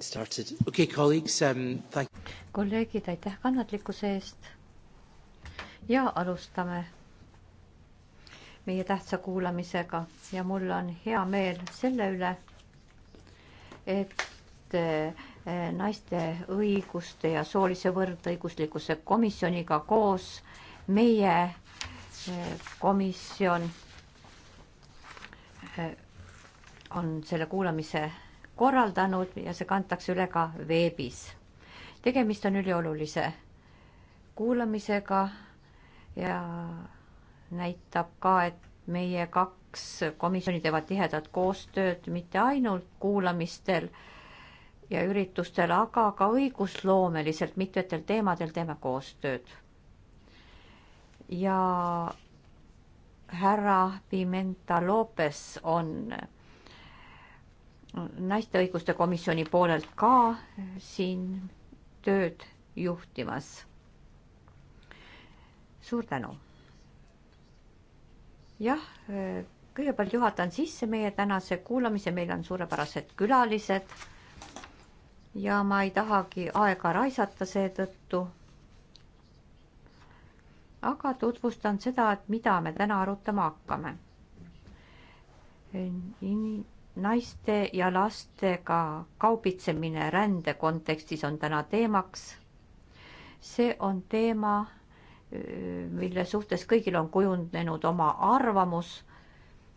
started. Okay, colleagues, um, thank... kolleegid, aitäh kannatlikkuse eest. ja alustame meie tähtsa kuulamisega ja mul on hea meel selle üle, et eh, naiste õiguste ja soolise võrdõiguslikkuse komisjoniga koos meie eh, komisjon eh, on selle kuulamise korraldanud ja see kantakse üle ka veebis. tegemist on üliolulise kuulamisega ja näitab ka, et meie kaks komisjoni teevad tihedat koostööd mitte ainult kuulamistel ja üritustel, aga ka õigusloomeliselt mitmetel teemadel teeme koostööd. ja härra Pimenta Lopes on naiste õiguste komisjoni poolelt ka siin tööd juhtimas. suur tänu. jah, kõigepealt juhatan sisse meie tänase kuulamise, meil on suurepärased külalised. ja ma ei tahagi aega raisata seetõttu. aga tutvustan seda, et mida me täna arutama hakkame. nii naiste ja lastega kaubitsemine rände kontekstis on täna teemaks. see on teema, mille suhtes kõigil on kujunenud oma arvamus.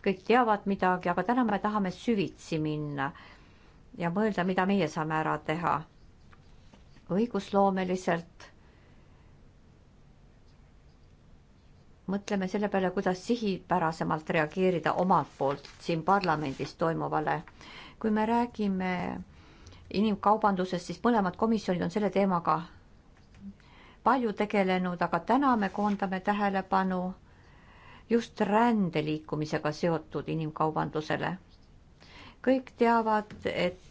kõik teavad midagi, aga täna me tahame süvitsi minna ja mõelda, mida meie saame ära teha õigusloomeliselt mõtleme selle peale, kuidas sihipärasemalt reageerida omalt poolt siin parlamendis toimuvale. kui me räägime inimkaubandusest, siis mõlemad komisjonid on selle teemaga palju tegelenud, aga täna me koondame tähelepanu just rändeliikumisega seotud inimkaubandusele. kõik teavad, et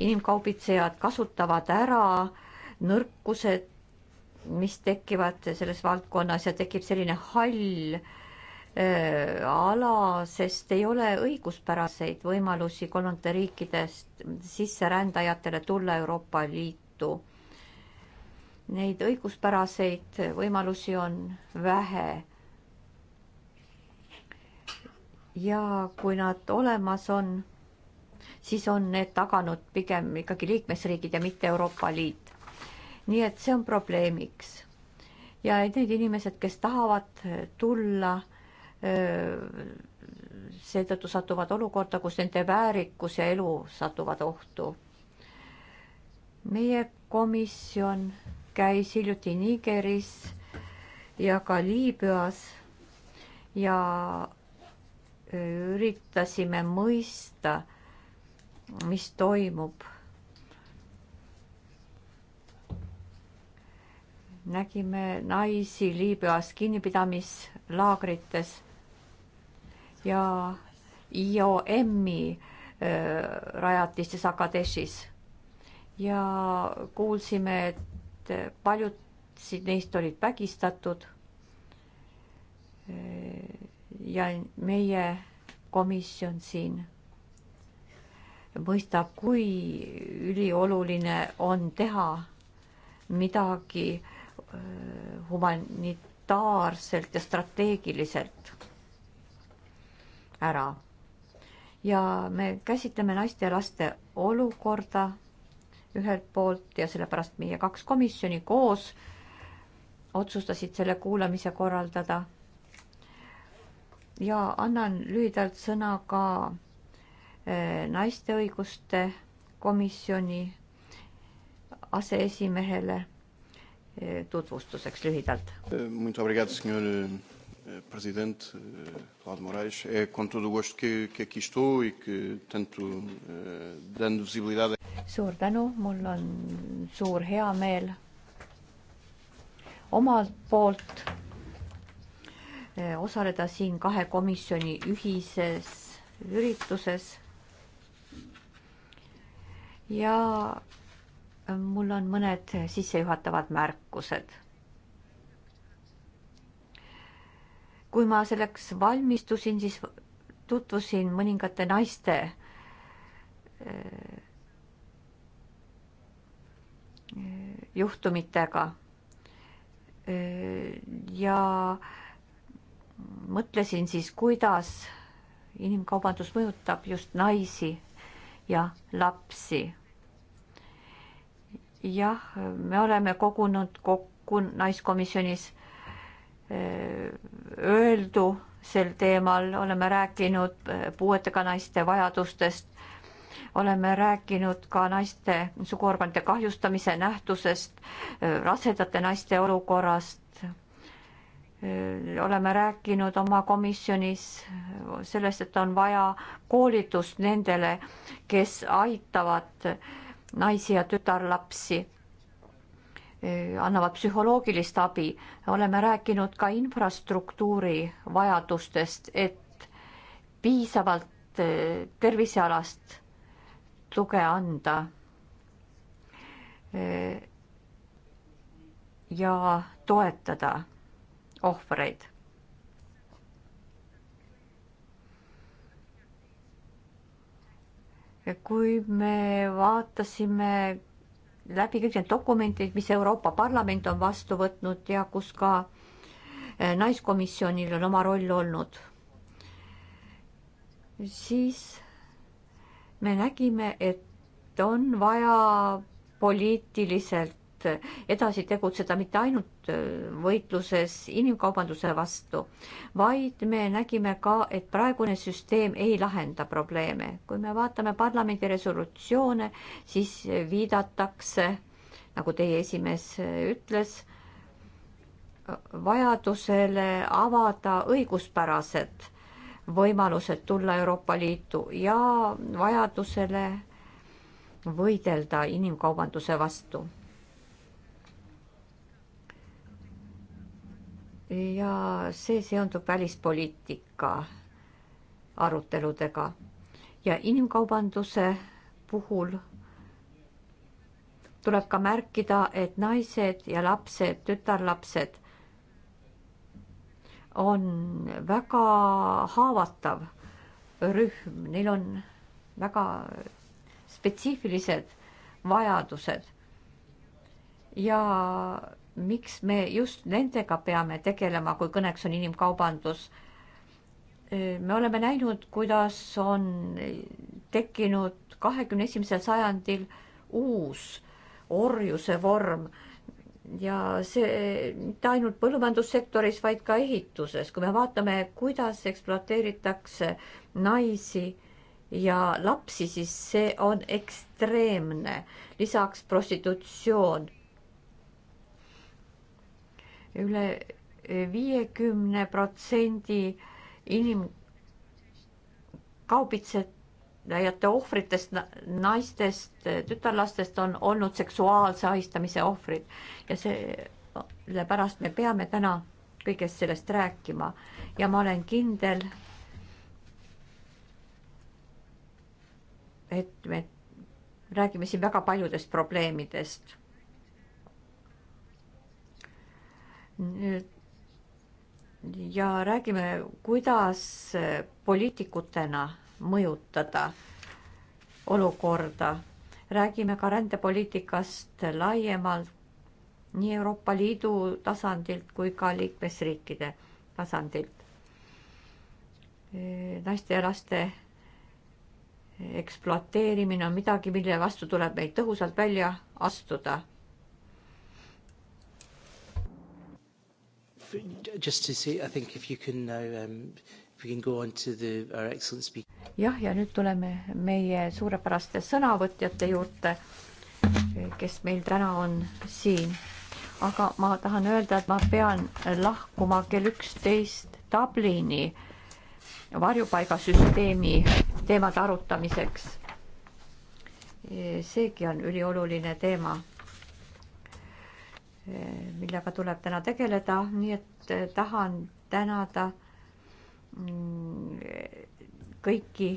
inimkaubitsejad kasutavad ära nõrkused mis tekivad selles valdkonnas ja tekib selline hall ala, sest ei ole õiguspäraseid võimalusi kolmandate riikidest sisserändajatele tulla Euroopa Liitu. Neid õiguspäraseid võimalusi on vähe. ja kui nad olemas on, siis on need taganud pigem ikkagi liikmesriigid ja mitte Euroopa Liit nii et see on probleemiks. ja need inimesed, kes tahavad tulla, seetõttu satuvad olukorda, kus nende väärikus ja elu satuvad ohtu. meie komisjon käis hiljuti Nigeris ja ka Liibüas ja üritasime mõista, mis toimub nägime naisi Liibüas kinnipidamislaagrites ja IOM-i äh, rajatistes Akadeshis ja kuulsime, et paljud neist olid vägistatud. Äh, ja meie komisjon siin mõistab, kui ülioluline on teha midagi äh, humanitaarselt ja strateegiliselt ära. ja me käsitleme naiste ja laste olukorda ühelt poolt ja sellepärast meie kaks komisjoni koos otsustasid selle kuulamise korraldada. ja annan lühidalt sõna ka eh, naiste õiguste komisjoni aseesimehele Eh, tutvustuseks lühidalt. Eh, muito obrigado, senhor eh, presidente Claudio Moraes. É com todo o gosto que, que aqui estou e que tanto eh, dando visibilidade. suur tänu, mul on suur heameel omalt poolt eh, osaleda siin kahe komisjoni ühises ürituses. ja mul on mõned sissejuhatavad märkused. kui ma selleks valmistusin, siis tutvusin mõningate naiste äh, juhtumitega. Äh, ja mõtlesin siis, kuidas inimkaubandus mõjutab just naisi ja lapsi jah, me oleme kogunud kokku naiskomisjonis eh, öeldu sel teemal, oleme rääkinud eh, puuetega naiste vajadustest, oleme rääkinud ka naiste suguorganite kahjustamise nähtusest, eh, rasedate naiste olukorrast. oleme rääkinud oma komisjonis sellest, et on vaja koolitust nendele, kes aitavad äh, naisi ja tütarlapsi, annavad psühholoogilist abi. oleme rääkinud ka infrastruktuuri vajadustest, et piisavalt tervisealast tuge anda. ja toetada ohvreid kui me vaatasime läbi kõik need dokumendid, mis Euroopa Parlament on vastu võtnud ja kus ka eh, naiskomisjonil on oma roll olnud, siis me nägime, et on vaja poliitiliselt edasi tegutseda mitte ainult äh, võitluses inimkaubanduse vastu, vaid me nägime ka, et praegune süsteem ei lahenda probleeme. kui me vaatame parlamendi resolutsioone, siis viidatakse, nagu teie esimees ütles, vajadusele avada õiguspärased võimalused tulla Euroopa Liitu ja vajadusele võidelda inimkaubanduse vastu ja see seondub välispoliitika aruteludega ja inimkaubanduse puhul tuleb ka märkida, et naised ja lapsed, tütarlapsed on väga haavatav rühm, neil on väga spetsiifilised vajadused. ja miks me just nendega peame tegelema, kui kõneks on inimkaubandus? me oleme näinud, kuidas on tekkinud kahekümne esimesel sajandil uus orjuse vorm ja see mitte ainult põllumajandussektoris, vaid ka ehituses, kui me vaatame, kuidas ekspluateeritakse naisi ja lapsi, siis see on ekstreemne. lisaks prostitutsioon üle viiekümne protsendi inimkaubitsejate ohvritest, naistest, tütarlastest on olnud seksuaalse ahistamise ohvrid ja sellepärast me peame täna kõigest sellest rääkima ja ma olen kindel, et me räägime siin väga paljudest probleemidest ja räägime, kuidas poliitikutena mõjutada olukorda. räägime ka rändepoliitikast laiemalt nii Euroopa Liidu tasandilt kui ka liikmesriikide tasandilt. naiste ja laste ekspluateerimine on midagi, mille vastu tuleb meil tõhusalt välja astuda Just to see, I think if you can now uh, um, jah, ja nüüd tuleme meie suurepäraste sõnavõtjate juurde, kes meil täna on siin. aga ma tahan öelda, et ma pean lahkuma kell üksteist Dublini varjupaigasüsteemi teemade arutamiseks. seegi on ülioluline teema millega tuleb täna tegeleda, nii et eh, tahan tänada mm, kõiki,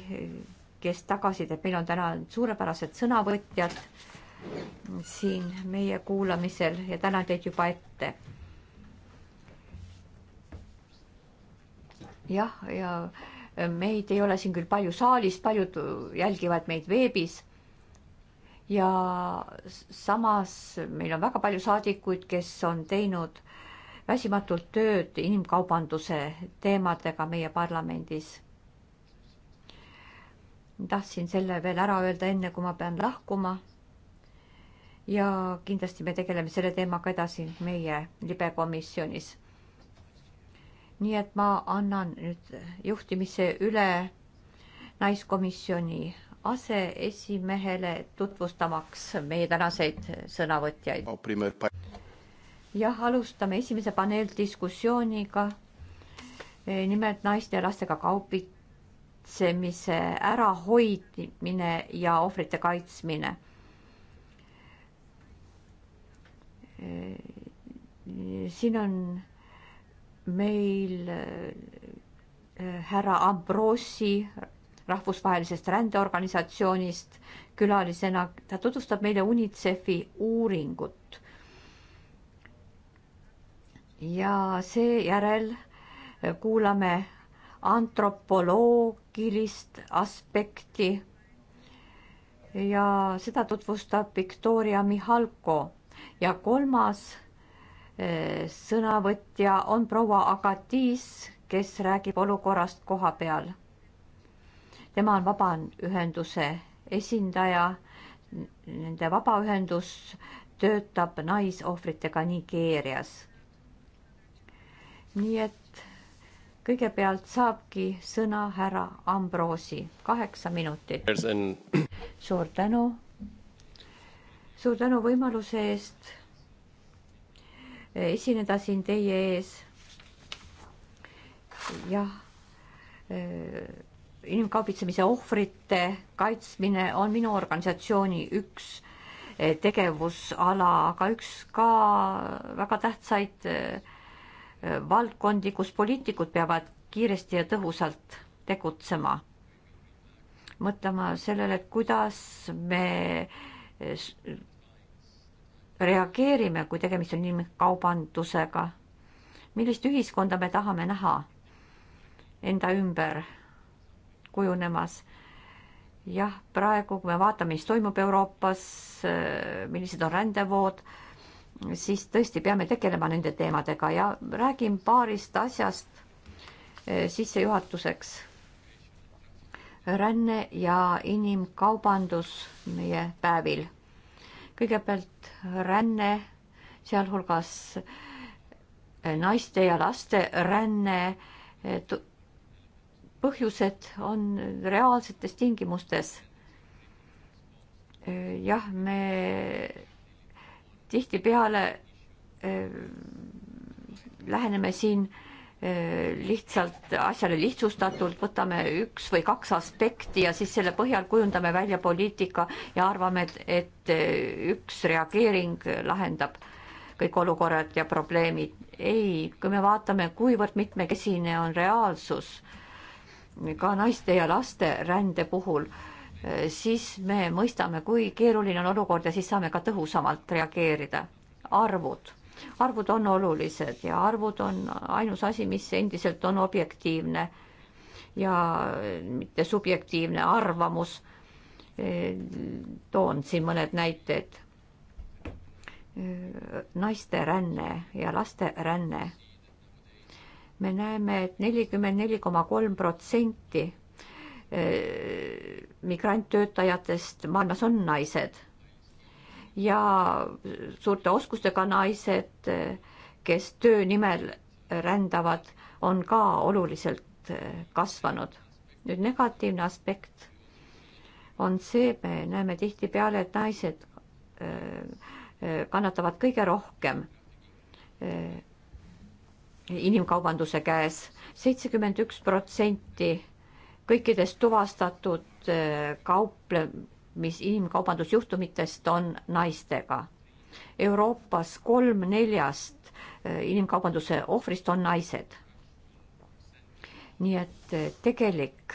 kes tagasisidet, meil on täna suurepärased sõnavõtjad siin meie kuulamisel ja tänan teid juba ette. jah, ja meid ei ole siin küll palju saalis, paljud jälgivad meid veebis ja samas meil on väga palju saadikuid, kes on teinud väsimatult tööd inimkaubanduse teemadega meie parlamendis. tahtsin selle veel ära öelda, enne kui ma pean lahkuma ja kindlasti me tegeleme selle teemaga edasi meie libekomisjonis. nii et ma annan nüüd juhtimise üle naiskomisjoni aseesimehele tutvustamaks meie tänaseid sõnavõtjaid. jah, alustame esimese paneeldiskussiooniga. E, nimelt naiste ja lastega kaubitsemise ärahoidmine ja ohvrite kaitsmine. E, siin on meil e, härra Ambrosi rahvusvahelisest rändeorganisatsioonist külalisena. ta tutvustab meile UNICEF-i uuringut. ja seejärel kuulame antropoloogilist aspekti. ja seda tutvustab Viktoria Mihalko ja kolmas eh, sõnavõtja on proua Agatis, kes räägib olukorrast koha peal tema on vabaühenduse esindaja. Nende vabaühendus töötab naisohvritega Nigeerias. nii et kõigepealt saabki sõna härra Ambrosi, kaheksa minutit. suur tänu. suur tänu võimaluse eest esineda siin teie ees. jah inimkaubitsemise ohvrite kaitsmine on minu organisatsiooni üks eh, tegevusala, aga üks ka väga tähtsaid eh, valdkondi, kus poliitikud peavad kiiresti ja tõhusalt tegutsema. mõtlema sellele, et kuidas me eh, reageerime, kui tegemist on inimkaubandusega. millist ühiskonda me tahame näha enda ümber kujunemas. jah, praegu, kui me vaatame, mis toimub Euroopas, äh, millised on rändevood, siis tõesti peame tegelema nende teemadega ja räägin paarist asjast äh, sissejuhatuseks. ränne ja inimkaubandus meie päevil. kõigepealt ränne, sealhulgas äh, naiste ja laste ränne põhjused on reaalsetes tingimustes. jah, me tihtipeale eh, läheneme siin eh, lihtsalt asjale lihtsustatult, võtame üks või kaks aspekti ja siis selle põhjal kujundame välja poliitika ja arvame, et, et eh, üks reageering lahendab kõik olukorrad ja probleemid. ei, kui me vaatame, kuivõrd mitmekesine on reaalsus äh, ka naiste ja laste rände puhul, siis me mõistame, kui keeruline on olukord ja siis saame ka tõhusamalt reageerida. arvud, arvud on olulised ja arvud on ainus asi, mis endiselt on objektiivne ja mitte subjektiivne arvamus. toon siin mõned näited naiste ränne ja laste ränne me näeme et, et nelikümmend neli koma kolm protsenti eh, migranttöötajatest maailmas on naised ja suurte oskustega naised, eh, kes töö nimel rändavad, on ka oluliselt eh, kasvanud. nüüd negatiivne aspekt on see, me näeme tihtipeale, et naised kannatavad kõige rohkem inimkaubanduse käes. seitsekümmend üks protsenti kõikidest tuvastatud äh, kauplemis, inimkaubandusjuhtumitest on naistega. Euroopas kolm neljast äh, inimkaubanduse ohvrist on naised. nii et äh, tegelik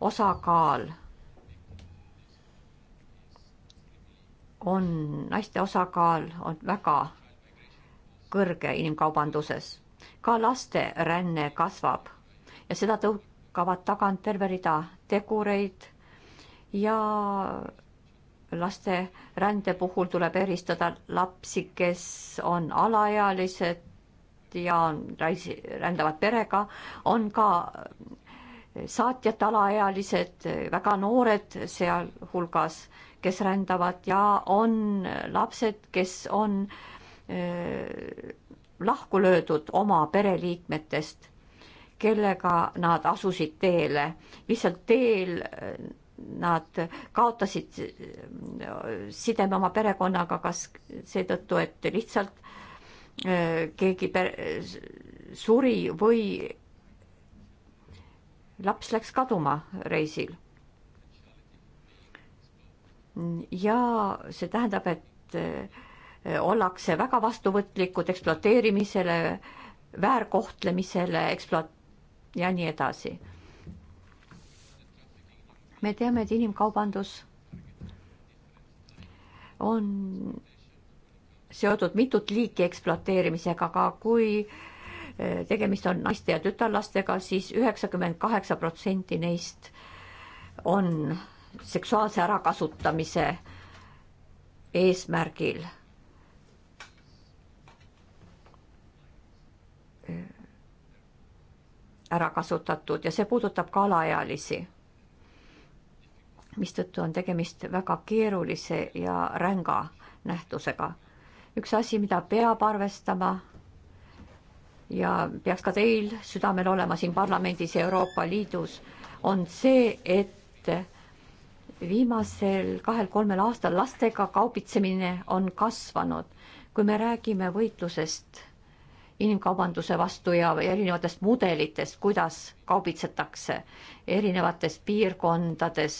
osakaal on, naiste osakaal on väga kõrge inimkaubanduses. ka laste ränne kasvab ja seda tõukavad tagant terve rida tegureid ja laste rände puhul tuleb eristada lapsi, kes on alaealised ja on, rändavad perega, on ka saatjate alaealised, väga noored sealhulgas, kes rändavad ja on lapsed, kes on Äh, lahku löödud oma pereliikmetest, kellega nad asusid teele. lihtsalt teel äh, nad kaotasid äh, sideme oma perekonnaga, kas seetõttu, et lihtsalt keegi suri või laps läks kaduma reisil. ja see tähendab, et Äh, ollakse väga vastuvõtlikud ekspluateerimisele, väärkohtlemisele, ekspluat- ja nii edasi. me teame, et inimkaubandus on seotud mitut liiki ekspluateerimisega, aga kui äh, tegemist on naiste ja tütarlastega siis, siis üheksakümmend kaheksa protsenti neist on seksuaalse ärakasutamise eesmärgil ära kasutatud ja see puudutab ka alaealisi. mistõttu on tegemist väga keerulise ja ränga nähtusega. üks asi, mida peab arvestama ja peaks ka teil südamel olema siin parlamendis ja Euroopa Liidus, on see, et viimasel kahel-kolmel aastal lastega kaubitsemine on kasvanud. kui me räägime võitlusest inimkaubanduse vastu ja erinevatest mudelitest, kuidas kaubitsetakse erinevates piirkondades,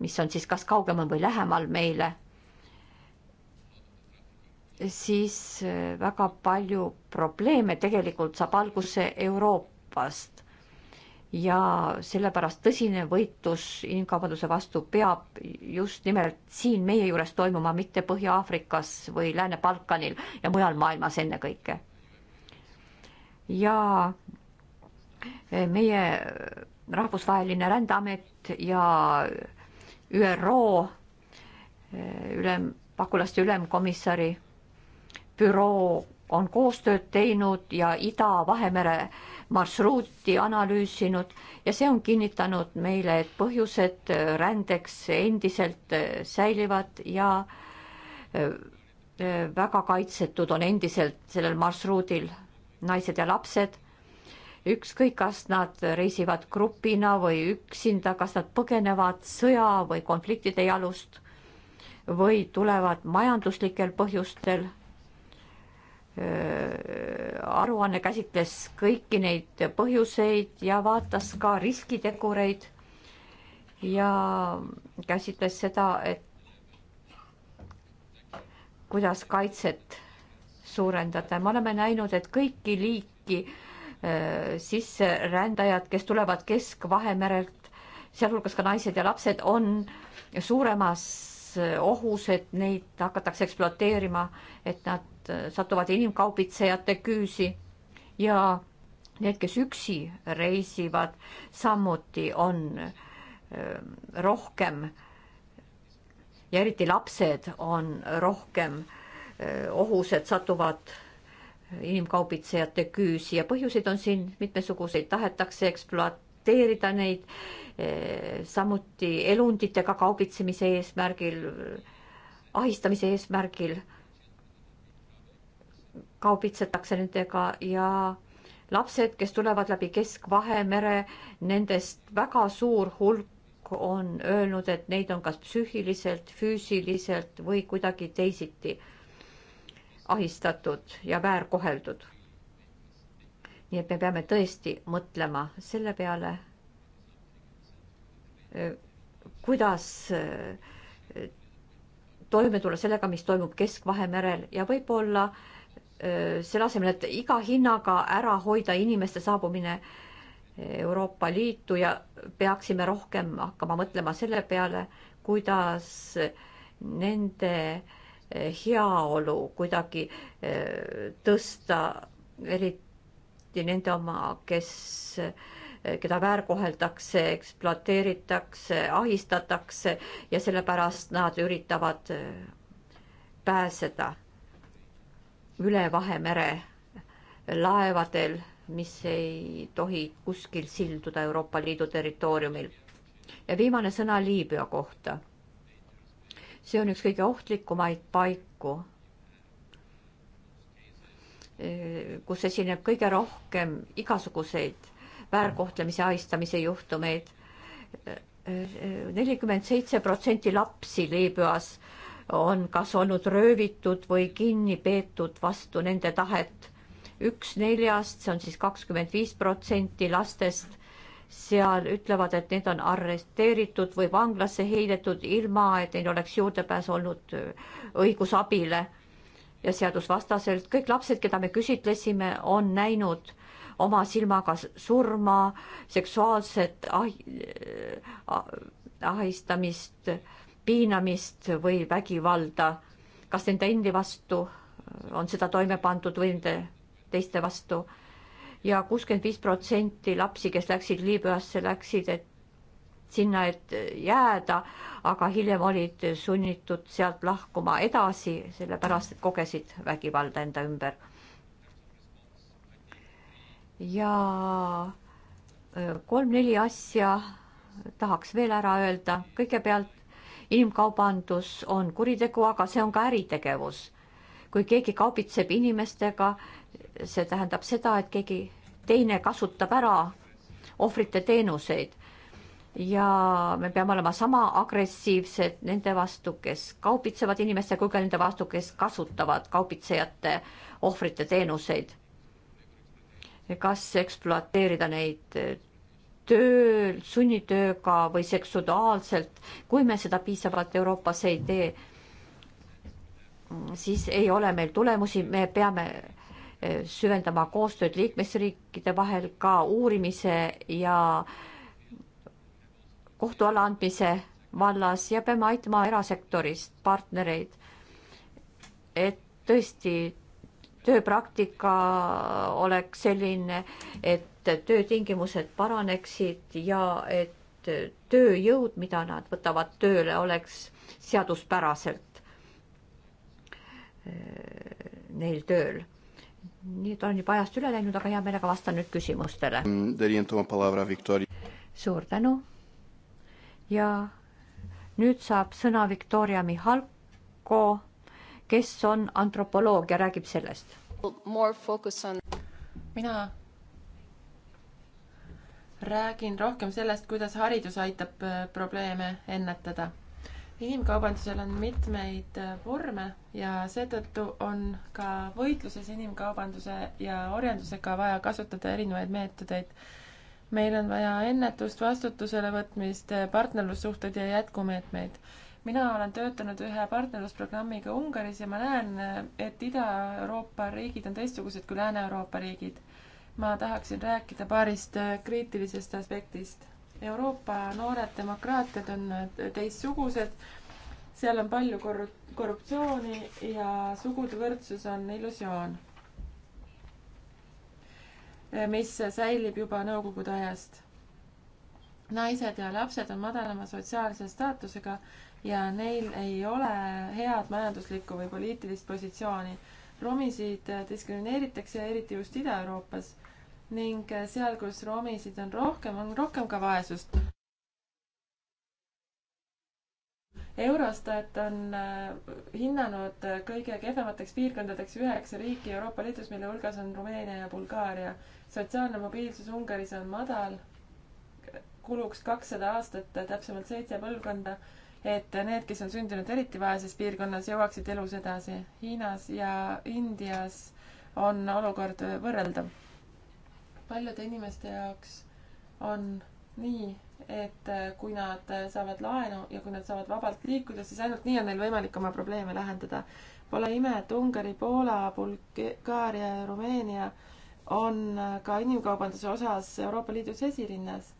mis on siis kas kaugemal või lähemal meile, siis eh, väga palju probleeme tegelikult saab alguse Euroopast ja sellepärast tõsine võitlus inimkaubanduse vastu peab just nimelt siin meie juures toimuma, mitte Põhja-Aafrikas või Lääne-Balkanil ja mujal maailmas ennekõike ja eh, meie rahvusvaheline rändeamet ja ÜRO eh, ülem, pagulaste ülemkomissari büroo on koostööd teinud ja Ida-Vahemere marsruuti analüüsinud ja see on kinnitanud meile, et põhjused eh, rändeks endiselt säilivad ja väga kaitsetud on endiselt sellel marsruudil naised ja lapsed, ükskõik, kas nad reisivad grupina või üksinda, kas nad põgenevad sõja või konfliktide jalust või tulevad majanduslikel põhjustel. aruanne käsitles kõiki neid põhjuseid ja vaatas ka riskitegureid ja käsitles seda, et kuidas kaitset suurendada. me oleme näinud, et kõiki liiki äh, sisserändajad, kes tulevad Kesk-Vahemerelt, sealhulgas ka naised ja lapsed, on suuremas äh, ohus, et neid hakatakse ekspluateerima, et nad äh, satuvad inimkaubitsejate küüsi ja need, kes üksi reisivad, samuti on äh, rohkem ja eriti lapsed on rohkem äh, Eh, ohus, et satuvad inimkaubitsejate küüsi ja põhjuseid on siin mitmesuguseid, tahetakse ekspluateerida neid eh, samuti elunditega kaubitsemise eesmärgil, ahistamise eesmärgil kaubitsetakse nendega ja lapsed, kes tulevad läbi Kesk-Vahemere, nendest väga suur hulk on öelnud, et neid on kas psüühiliselt, füüsiliselt või kuidagi teisiti ahistatud ja väärkoheldud. nii et me peame tõesti mõtlema selle peale, kuidas toime tulla sellega, mis toimub Kesk-Vahemerel ja võib-olla selle asemel, et iga hinnaga ära hoida inimeste saabumine Euroopa Liitu ja peaksime rohkem hakkama mõtlema selle peale, kuidas nende äh, Eh, heaolu kuidagi eh, tõsta, eriti nende oma, kes, eh, keda väärkoheldakse, ekspluateeritakse, ahistatakse ja sellepärast nad üritavad pääseda üle Vahemere laevadel, mis ei tohi kuskil silduda Euroopa Liidu territooriumil. ja viimane sõna Liibüa kohta see on üks kõige ohtlikumaid paiku, e, kus esineb kõige rohkem igasuguseid väärkohtlemise, ahistamise juhtumeid. E, e, nelikümmend seitse protsenti lapsi Liibüas on kas olnud röövitud või kinni peetud vastu nende tahet. üks neljast, see on siis kakskümmend viis protsenti lastest seal ütlevad, et need on arresteeritud või vanglasse heidetud, ilma et neil oleks juurdepääs olnud äh, õigusabile ja seadusvastaselt. kõik lapsed, keda me küsitlesime, on näinud oma silmaga surma, seksuaalset ah, ah, ahistamist, piinamist või vägivalda, kas nende endi vastu äh, on seda toime pandud või nende teiste vastu ja kuuskümmend viis protsenti lapsi, kes läksid Liibüasse, läksid, et sinna, et jääda, aga hiljem olid sunnitud sealt lahkuma edasi, sellepärast et kogesid vägivalda enda ümber. ja kolm-neli asja tahaks veel ära öelda. kõigepealt inimkaubandus on kuritegu, aga see on ka äritegevus. kui keegi kaubitseb inimestega, see tähendab seda, et keegi teine kasutab ära ohvrite teenuseid ja me peame olema sama agressiivsed nende vastu, kes kaubitsevad inimestega, kui ka nende vastu, kes kasutavad kaubitsejate ohvrite teenuseid. kas ekspluateerida neid tööl, sunnitööga või seksuaalselt, kui me seda piisavalt Euroopas ei tee, siis ei ole meil tulemusi, me peame süvendama koostööd liikmesriikide vahel ka uurimise ja kohtu alla andmise vallas ja peame aitama erasektorist partnereid. et tõesti tööpraktika oleks selline, et töötingimused paraneksid ja et tööjõud, mida nad võtavad tööle, oleks seaduspäraselt eh, neil tööl nüüd on juba ajast üle läinud, aga hea meelega vastan nüüd küsimustele. suur tänu. ja nüüd saab sõna Viktoria Mihalko, kes on antropoloog ja räägib sellest. On... mina räägin rohkem sellest, kuidas haridus aitab äh, probleeme ennetada inimkaubandusel on mitmeid äh, vorme ja seetõttu on ka võitluses inimkaubanduse ja orjandusega vaja kasutada erinevaid meetodeid. meil on vaja ennetust, vastutusele võtmist, äh, partnerlussuhteid ja jätkumeetmeid mina olen töötanud ühe partnerlusprogrammiga Ungaris ja ma näen, äh, et Ida-Euroopa riigid on teistsugused kui Lääne-Euroopa riigid. ma tahaksin rääkida paarist kriitilisest aspektist. Euroopa noored demokraatiad on teistsugused, seal on palju korru-, korruptsiooni ja sugude võrdsus on illusioon, mis säilib juba nõukogude ajast. naised ja lapsed on madalama sotsiaalse staatusega ja neil ei ole head majanduslikku või poliitilist positsiooni romisid diskrimineeritakse, eriti just Ida-Euroopas ning eh, seal, kus romisid on rohkem, on rohkem ka vaesust. Eurostat on eh, hinnanud eh, kõige kehvemateks piirkondadeks üheksa riiki Euroopa Liidus, mille hulgas on Rumeenia ja Bulgaaria. sotsiaalne mobiilsus Ungaris on madal, kuluks kakssada aastat, täpsemalt seitse põlvkonda, et need, kes on sündinud eriti vaeses piirkonnas, jõuaksid elus edasi. Hiinas ja Indias on olukord võrreldav paljude inimeste jaoks on nii, et äh, kui nad äh, saavad laenu ja kui nad saavad vabalt liikuda, siis ainult nii on neil võimalik oma probleeme lahendada. Pole ime, et Ungari, Poola, Bulgaaria ja Rumeenia on äh, ka inimkaubanduse osas Euroopa Liidus esirinnas.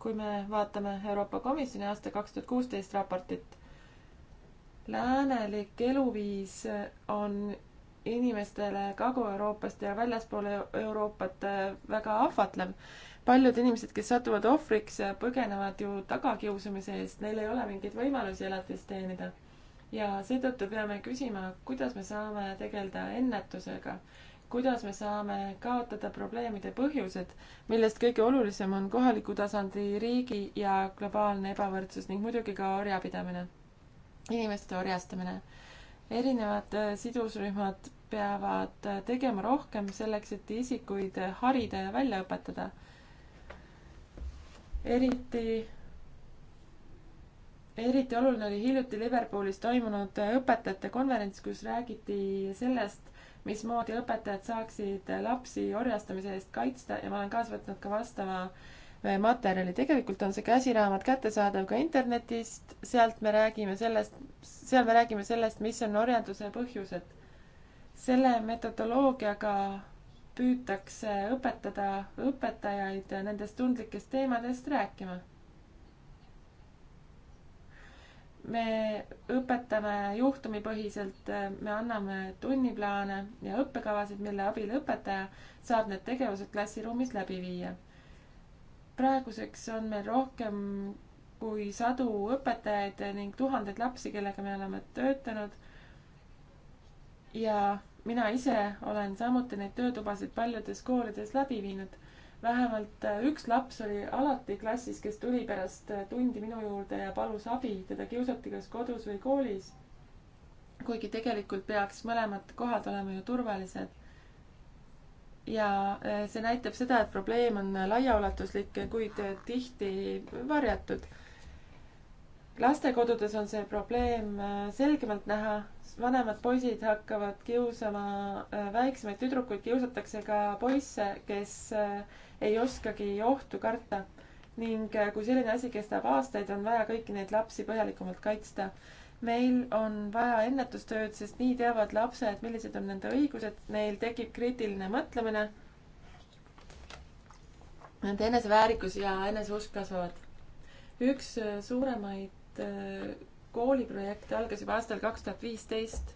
kui me vaatame Euroopa Komisjoni aasta kaks tuhat kuusteist raportit, läänelik eluviis on inimestele Kagu-Euroopast ja väljaspool Euroopat äh, väga ahvatlev. paljud inimesed, kes satuvad ohvriks, äh, põgenevad ju tagakiusamise eest, neil ei ole mingeid võimalusi elatist teenida. ja seetõttu peame küsima, kuidas me saame tegeleda ennetusega, kuidas me saame kaotada probleemide põhjused, millest kõige olulisem on kohaliku tasandi riigi ja globaalne ebavõrdsus ning muidugi ka orjapidamine, inimeste orjastamine erinevad äh, sidusrühmad peavad äh, tegema rohkem selleks, et isikuid äh, harida ja välja õpetada. eriti, eriti oluline oli hiljuti Liverpoolis toimunud õpetajate konverents, kus räägiti sellest, mismoodi õpetajad saaksid lapsi orjastamise eest kaitsta ja ma olen kaasa võtnud ka vastava äh, Äh, materjali. tegelikult on see käsiraamat kättesaadav ka internetist, sealt me räägime sellest, seal me räägime sellest, mis on orjanduse põhjused. selle metodoloogiaga püütakse õpetada õpetajaid nendest tundlikest teemadest rääkima. me õpetame juhtumipõhiselt, me anname tunniplaane ja õppekavasid, mille abil õpetaja saab need tegevused klassiruumis läbi viia praeguseks on meil rohkem kui sadu õpetajaid ning tuhandeid lapsi, kellega me oleme töötanud. ja mina ise olen samuti neid töötubasid paljudes koolides läbi viinud. vähemalt üks laps oli alati klassis, kes tuli pärast tundi minu juurde ja palus abi, teda kiusati kas kodus või koolis. kuigi tegelikult peaks mõlemad kohad olema ju turvalised ja äh, see näitab seda, et probleem on laiaulatuslik, kuid äh, tihti varjatud. lastekodudes on see probleem äh, selgemalt näha, vanemad poisid hakkavad kiusama väiksemaid tüdrukuid, kiusatakse ka poisse, kes ei oskagi ohtu karta. ning kui selline asi kestab aastaid, on vaja kõiki neid lapsi põhjalikumalt kaitsta meil on vaja ennetustööd, sest nii teavad lapsed, millised on nende õigused, neil tekib kriitiline mõtlemine. Nende eneseväärikus ja eneseusk kasvavad. üks äh, suuremaid äh, kooliprojekte algas juba aastal kaks tuhat viisteist,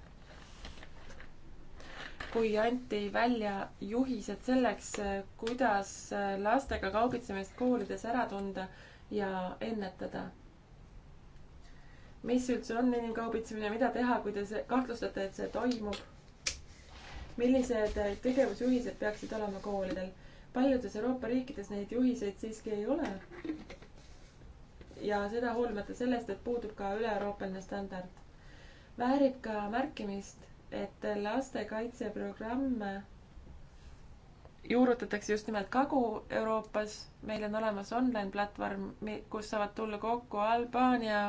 kui anti välja juhised selleks, äh, kuidas lastega kaubitsemist koolides ära tunda ja ennetada mis üldse on inimkaubitsemine, mida teha, kui te kahtlustate, et see toimub? millised eh, tegevusjuhised peaksid olema koolidel? paljudes Euroopa riikides neid juhiseid siiski ei ole. ja seda hoolimata sellest, et puudub ka üle-euroopaline standard. väärib ka märkimist, et lastekaitseprogramme eh, juurutatakse just nimelt Kagu-Euroopas. meil on olemas online platvorm, kus saavad tulla kokku Albaania,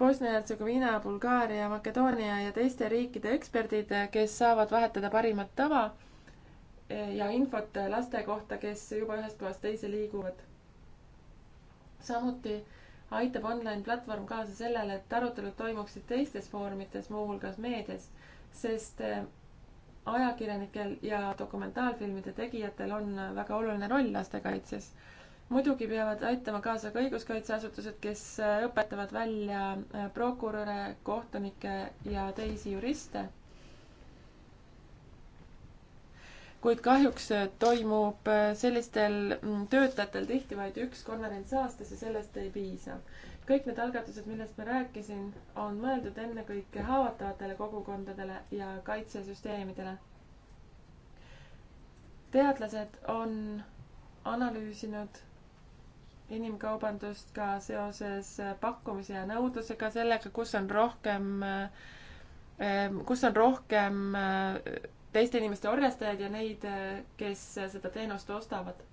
Bosnia-Hertsegoviina, Bulgaaria, Makedoonia ja teiste riikide eksperdid, kes saavad vahetada parimat tava ja infot laste kohta, kes juba ühest kohast teise liiguvad. samuti aitab online-platvorm kaasa sellele, et arutelud toimuksid teistes foorumites, muuhulgas meedias, sest ajakirjanikel ja dokumentaalfilmide tegijatel on väga oluline roll lastekaitses muidugi peavad aitama kaasa ka õiguskaitseasutused, kes äh, õpetavad välja äh, prokuröre, kohtunikke ja teisi juriste. kuid kahjuks äh, toimub sellistel mm, töötajatel tihti vaid üks konverents aastas ja sellest ei piisa. kõik need algatused, millest ma rääkisin, on mõeldud ennekõike haavatavatele kogukondadele ja kaitsesüsteemidele. teadlased on analüüsinud inimkaubandust ka seoses pakkumise ja nõudlusega, sellega, kus on rohkem, ehm, kus on rohkem ehm, teiste inimeste orjastajaid ja neid, kes seda teenust ostavad.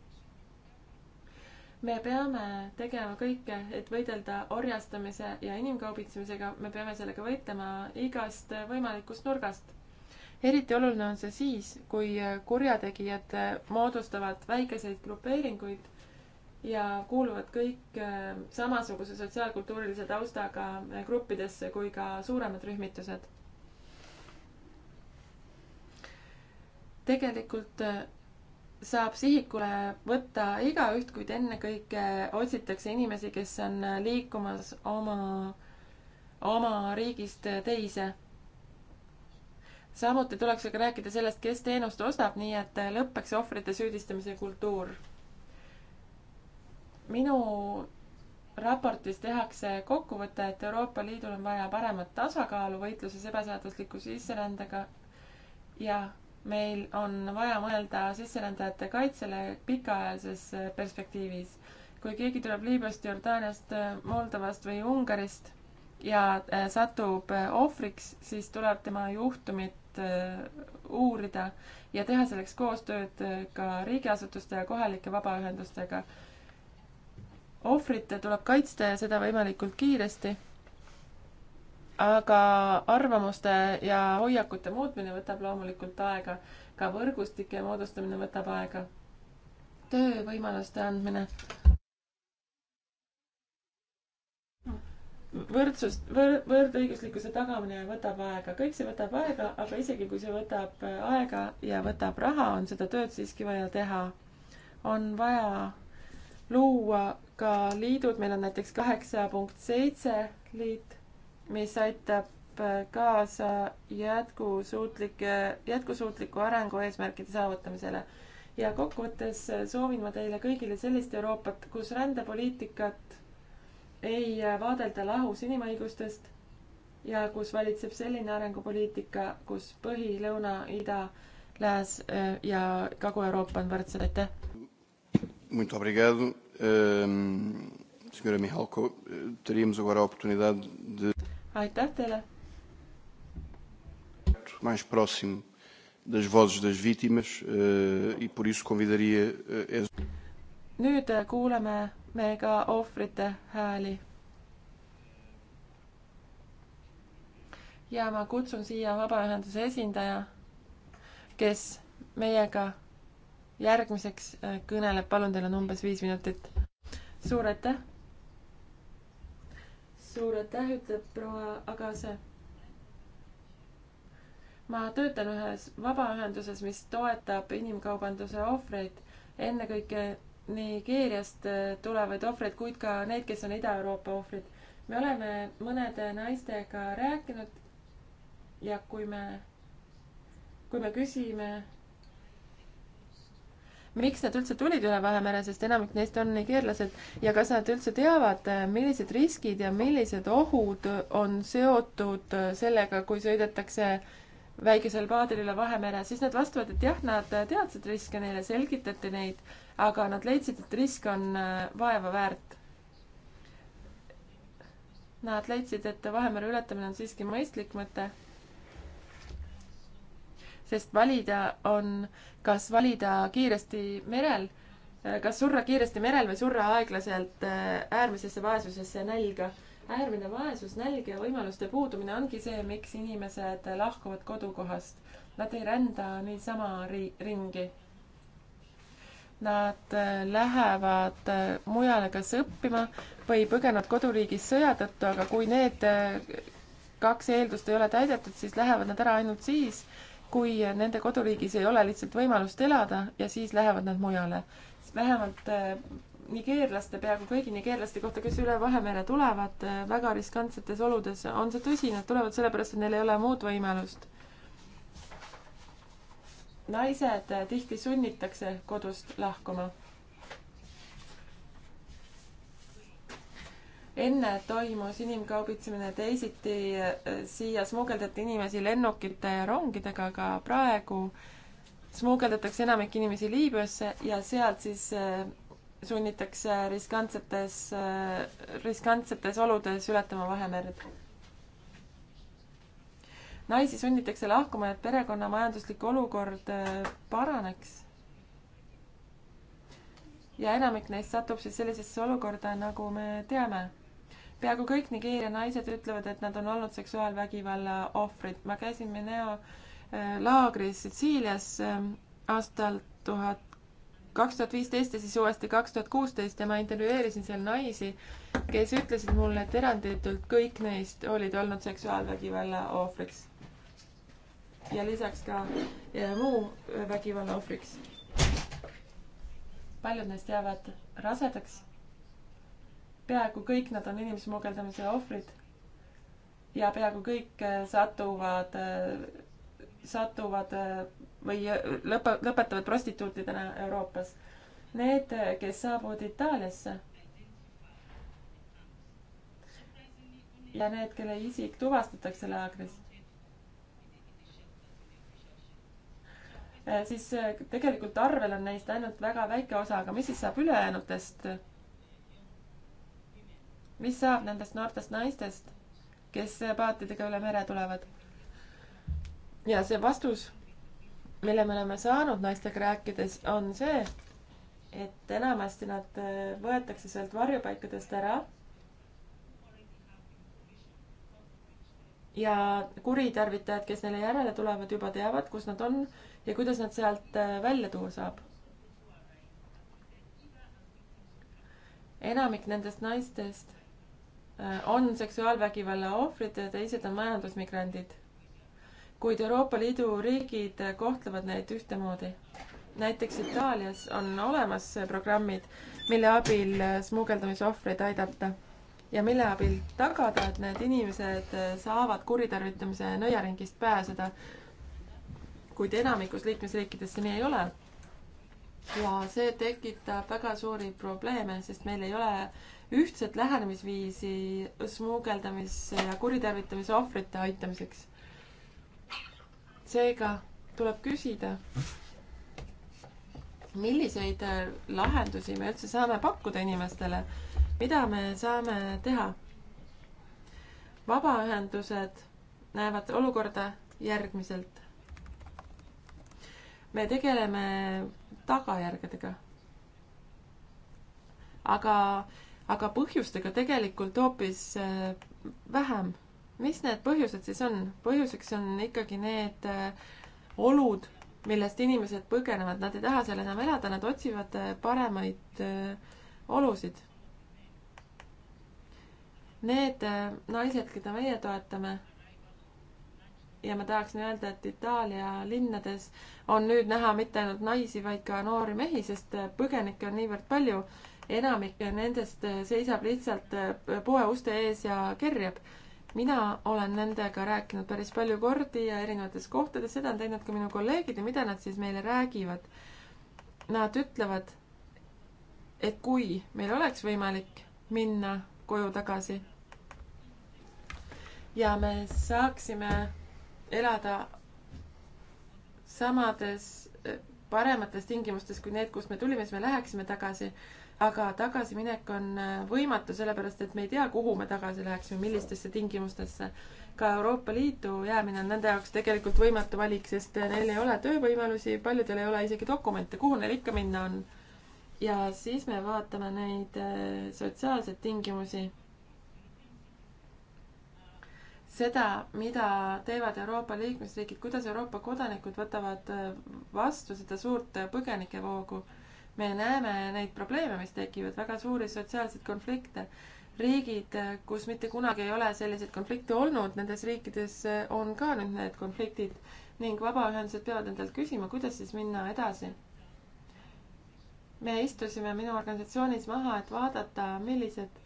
me peame tegema kõike, et võidelda orjastamise ja inimkaubitsemisega, me peame sellega võitlema igast võimalikust nurgast eriti oluline on see siis, kui kurjategijad moodustavad väikeseid grupeeringuid ja kuuluvad kõik äh, samasuguse sotsiaalkultuurilise taustaga äh, gruppidesse kui ka suuremad rühmitused. tegelikult äh, saab sihikule võtta igaüht, kuid ennekõike otsitakse inimesi, kes on liikumas oma, oma riigist teise. samuti tuleks aga rääkida sellest, kes teenust ostab, nii et lõpeks ohvrite süüdistamise kultuur minu raportis tehakse kokkuvõte, et Euroopa Liidul on vaja paremat tasakaalu võitluses ebaseadusliku sisserändega ja meil on vaja mõelda sisserändajate kaitsele pikaajalises perspektiivis. kui keegi tuleb Liibüast, Jordaaniast, Moldovast või Ungarist ja äh, satub äh, ohvriks, siis tuleb tema juhtumit äh, uurida ja teha selleks koostööd ka riigiasutuste ja kohalike vabaühendustega ohvrit tuleb kaitsta ja seda võimalikult kiiresti. aga arvamuste ja hoiakute muutmine võtab loomulikult aega, ka võrgustike moodustamine võtab aega. töövõimaluste andmine. võrdsust, võr-, võrdõiguslikkuse tagamine võtab aega, kõik see võtab aega, aga isegi kui see võtab äh, aega ja võtab raha, on seda tööd siiski vaja teha. on vaja luua ka liidud, meil on näiteks kaheksa punkt seitse liit, mis aitab äh, kaasa jätkusuutlike, jätkusuutliku arengu eesmärkide saavutamisele. ja kokkuvõttes äh, soovin ma teile kõigile sellist Euroopat, kus rändepoliitikat ei äh, vaadelda lahus inimõigustest ja kus valitseb selline arengupoliitika, kus põhi, lõuna, ida, lääs ja Kagu-Euroopa on võrdsed, aitäh! Muito obrigado. Um, senhora Mihalko, teríamos agora a oportunidade de. Aitäh teile. Mais próximo das vozes das vítimas uh, e por isso convidaria. Uh, Nüüd eh, kuuleme me ka ohvrite hääli. ja ma kutsun siia vabaühenduse esindaja, kes meiega järgmiseks äh, kõneleb, palun, teil on umbes viis minutit. suur aitäh! suur aitäh, ütleb proua Agase ma töötan ühes vabaühenduses, mis toetab inimkaubanduse ohvreid, ennekõike Nigeeriast äh, tulevaid ohvreid, kuid ka neid, kes on Ida-Euroopa ohvrid. me oleme mõnede naistega rääkinud ja kui me, kui me küsime miks nad üldse tulid üle Vahemere, sest enamik neist on nigeerlased ja kas nad üldse teavad, millised riskid ja millised ohud on seotud sellega, kui sõidetakse väikesel paadil üle Vahemere, siis nad vastavad, et jah, nad teadsid riske, neile selgitati neid, aga nad leidsid, et risk on äh, vaeva väärt. Nad leidsid, et Vahemere ületamine on siiski mõistlik mõte sest valida on, kas valida kiiresti merel, kas surra kiiresti merel või surra aeglaselt äh, äärmisesse vaesusesse nälga. äärmine vaesus, nälg ja võimaluste puudumine ongi see, miks inimesed lahkuvad kodukohast. Nad ei rända niisama ri-, ringi. Nad äh, lähevad äh, mujale kas õppima või põgenevad koduriigis sõja tõttu, aga kui need kaks eeldust ei ole täidetud, siis lähevad nad ära ainult siis, kui nende koduriigis ei ole lihtsalt võimalust elada ja siis lähevad nad mujale. vähemalt eh, nigeerlaste, peaaegu kõigi nigeerlaste kohta, kes üle Vahemere tulevad eh, väga riskantsetes oludes, on see tõsi, nad tulevad sellepärast, et neil ei ole muud võimalust. naised eh, tihti sunnitakse kodust lahkuma enne toimus inimkaubitsemine teisiti, eh, siia smugeldati inimesi lennukite ja rongidega, aga praegu smugeldatakse enamik inimesi Liibüasse ja sealt siis eh, sunnitakse riskantsetes, eh, riskantsetes oludes ületama Vahemerd. naisi sunnitakse lahkuma, et perekonna majanduslik olukord paraneks ja enamik neist satub siis sellisesse olukorda, nagu me teame peaaegu kõik Nigeeria naised ütlevad, et nad on olnud seksuaalvägivalla ohvrid. ma käisin Mineo äh, laagris Sitsiilias äh, aastal tuhat kaks tuhat viisteist ja siis uuesti kaks tuhat kuusteist ja ma intervjueerisin seal naisi, kes ütlesid mulle, et eranditult kõik neist olid olnud seksuaalvägivalla ohvriks. ja lisaks ka ja muu äh, vägivalla ohvriks. paljud neist jäävad rasedaks peaaegu kõik nad on inimsmugeldamise ohvrid ja peaaegu kõik äh, satuvad, äh, satuvad äh, või lõpe, lõpetavad prostituutidena Euroopas. Need, kes saabuvad Itaaliasse ja need, kelle isik tuvastatakse laagris, siis tegelikult arvel on neist ainult väga väike osa, aga mis siis saab ülejäänutest? mis saab nendest noortest naistest, kes paatidega üle mere tulevad? ja see vastus, mille me oleme saanud naistega rääkides, on see, et enamasti nad äh, võetakse sealt varjupaikadest ära. ja kuritarvitajad, kes neile järele tulevad, juba teavad, kus nad on ja kuidas nad sealt äh, välja tuua saab. enamik nendest naistest Äh, on seksuaalvägivalla ohvrid ja teised on majandusmigrandid. kuid Euroopa Liidu riigid kohtlevad neid ühtemoodi. näiteks Itaalias on olemas programmid, mille abil smugeldamise ohvreid aidata ja mille abil tagada, et need inimesed saavad kuritarvitamise nõiaringist pääseda. kuid enamikus liikmesriikides see nii ei ole. ja see tekitab väga suuri probleeme, sest meil ei ole ühtset lähenemisviisi smuugeldamise ja kuritarvitamise ohvrite aitamiseks. seega tuleb küsida, milliseid lahendusi me üldse saame pakkuda inimestele, mida me saame teha? vabaühendused näevad olukorda järgmiselt. me tegeleme tagajärgedega. aga aga põhjustega tegelikult hoopis äh, vähem. mis need põhjused siis on? põhjuseks on ikkagi need äh, olud, millest inimesed põgenevad, nad ei taha seal enam elada, nad otsivad äh, paremaid olusid. Need naised, keda meie toetame, ja ma tahaksin öelda, et Itaalia linnades on nüüd näha mitte ainult naisi, vaid ka noori mehi, sest põgenikke on niivõrd palju enamik nendest seisab lihtsalt äh, poe uste ees ja kerjab. mina olen nendega rääkinud päris palju kordi ja erinevates kohtades, seda on teinud ka minu kolleegid ja mida nad siis meile räägivad? Nad ütlevad, et kui meil oleks võimalik minna koju tagasi ja me saaksime elada samades äh, paremates tingimustes kui need, kust me tulime, siis me läheksime tagasi aga tagasiminek on äh, võimatu, sellepärast et me ei tea, kuhu me tagasi läheksime, millistesse tingimustesse. ka Euroopa Liitu jäämine on nende jaoks tegelikult võimatu valik, sest äh, neil ei ole töövõimalusi, paljudel ei ole isegi dokumente, kuhu neil ikka minna on. ja siis me vaatame neid äh, sotsiaalseid tingimusi. seda, mida teevad Euroopa liikmesriigid, kuidas Euroopa kodanikud võtavad vastu seda suurt põgenikevoogu me näeme neid probleeme, mis tekivad, väga suuri sotsiaalseid konflikte. riigid, kus mitte kunagi ei ole selliseid konflikte olnud, nendes riikides eh, on ka nüüd need konfliktid ning vabaühendused peavad endalt küsima, kuidas siis minna edasi. me istusime minu organisatsioonis maha, et vaadata, millised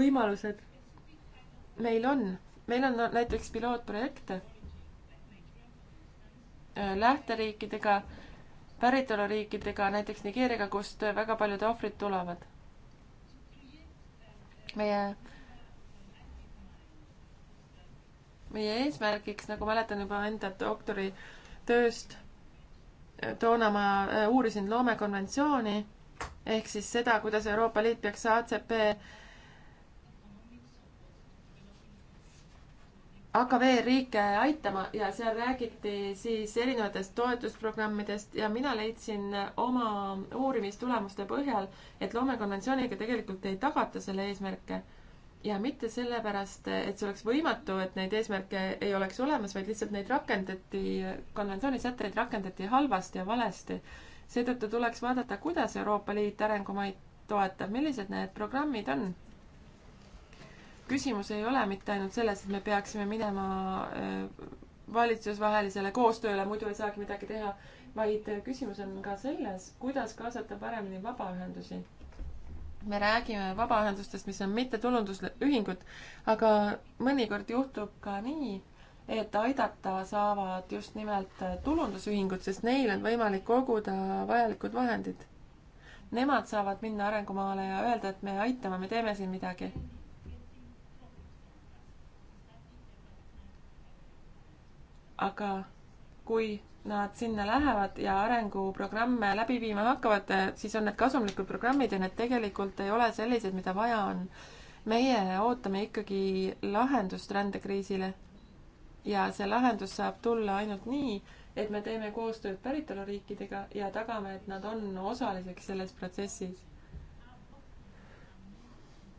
võimalused meil on. meil on näiteks pilootprojekte eh, lähteriikidega päritoluriikidega, näiteks Nigeeriaga, kust väga paljud ohvrid tulevad. meie, meie eesmärgiks, nagu mäletan juba enda doktoritööst, toona ma äh, uurisin loomekonventsiooni ehk siis seda, kuidas Euroopa Liit peaks ACP AKV riike aitama ja seal räägiti siis erinevatest toetusprogrammidest ja mina leidsin oma uurimistulemuste põhjal, et loomekonventsiooniga tegelikult ei tagata selle eesmärke. ja mitte sellepärast, et see oleks võimatu, et neid eesmärke ei oleks olemas, vaid lihtsalt neid rakendati, konventsiooni sätteid rakendati halvasti ja valesti. seetõttu tuleks vaadata, kuidas Euroopa Liit arengumaid toetab, millised need programmid on küsimus ei ole mitte ainult selles, et me peaksime minema äh, valitsusvahelisele koostööle, muidu ei saagi midagi teha, vaid äh, küsimus on ka selles, kuidas kaasata paremini vabaühendusi. me räägime vabaühendustest, mis on mittetulundusühingud, aga mõnikord juhtub ka nii, et aidata saavad just nimelt äh, tulundusühingud, sest neil on võimalik koguda vajalikud vahendid. Nemad saavad minna arengumaale ja öelda, et me aitame, me teeme siin midagi aga kui nad sinna lähevad ja arenguprogramme läbi viima hakkavad, siis on need kasumlikud programmid ja need tegelikult ei ole sellised, mida vaja on. meie ootame ikkagi lahendust rändekriisile. ja see lahendus saab tulla ainult nii, et me teeme koostööd päritoluriikidega ja tagame, et nad on osaliseks selles protsessis.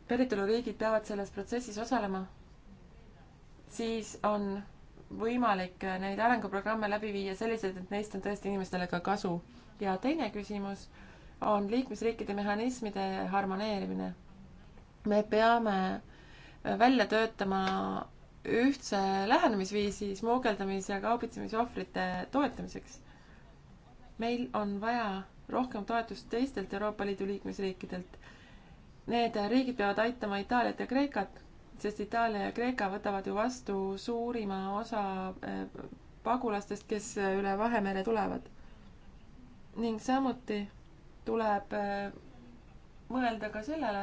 päritoluriigid peavad selles protsessis osalema. siis on võimalik neid arenguprogramme läbi viia selliselt, et neist on tõesti inimestele ka kasu. ja teine küsimus on liikmesriikide mehhanismide harmoneerimine. me peame välja töötama ühtse lähenemisviisi smugeldamis- ja kaubitsemisohvrite toetamiseks. meil on vaja rohkem toetust teistelt Euroopa Liidu liikmesriikidelt. Need riigid peavad aitama Itaaliat ja Kreekat sest Itaalia ja Kreeka võtavad ju vastu suurima osa eh, pagulastest, kes üle Vahemere tulevad. ning samuti tuleb eh, mõelda ka sellele,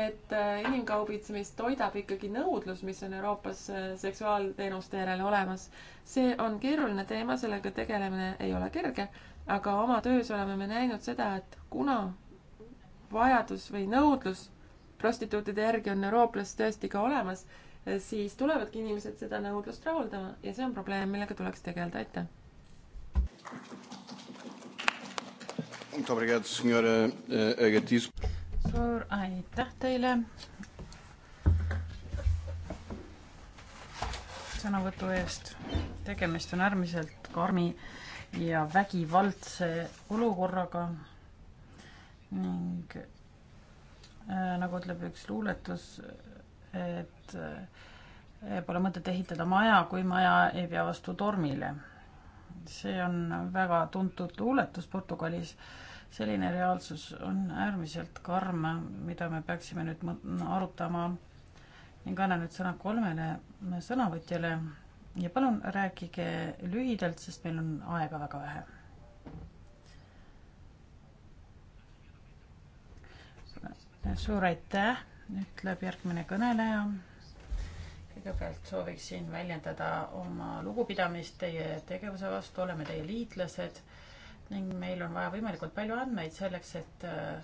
et eh, inimkaubitsemist toidab ikkagi nõudlus, mis on Euroopas seksuaalteenuste järele olemas. see on keeruline teema, sellega tegelemine ei ole kerge, aga oma töös oleme me näinud seda, et kuna vajadus või nõudlus prostituutide järgi on Euroopas tõesti ka olemas, siis tulevadki inimesed seda nõudlust rahuldama ja see on probleem, millega tuleks tegeleda, aitäh. Eh, suur aitäh teile sõnavõtu eest. tegemist on äärmiselt karmi ja vägivaldse olukorraga ning Äh, nagu ütleb üks luuletus, et äh, pole mõtet ehitada maja, kui maja ei pea vastu tormile. see on väga tuntud luuletus Portugalis. selline reaalsus on äärmiselt karm, mida me peaksime nüüd arutama ning annan nüüd sõna kolmele sõnavõtjale ja palun rääkige lühidalt, sest meil on aega väga vähe suur aitäh, ütleb järgmine kõneleja. kõigepealt sooviksin väljendada oma lugupidamist teie tegevuse vastu, oleme teie liitlased ning meil on vaja võimalikult palju andmeid selleks, et äh,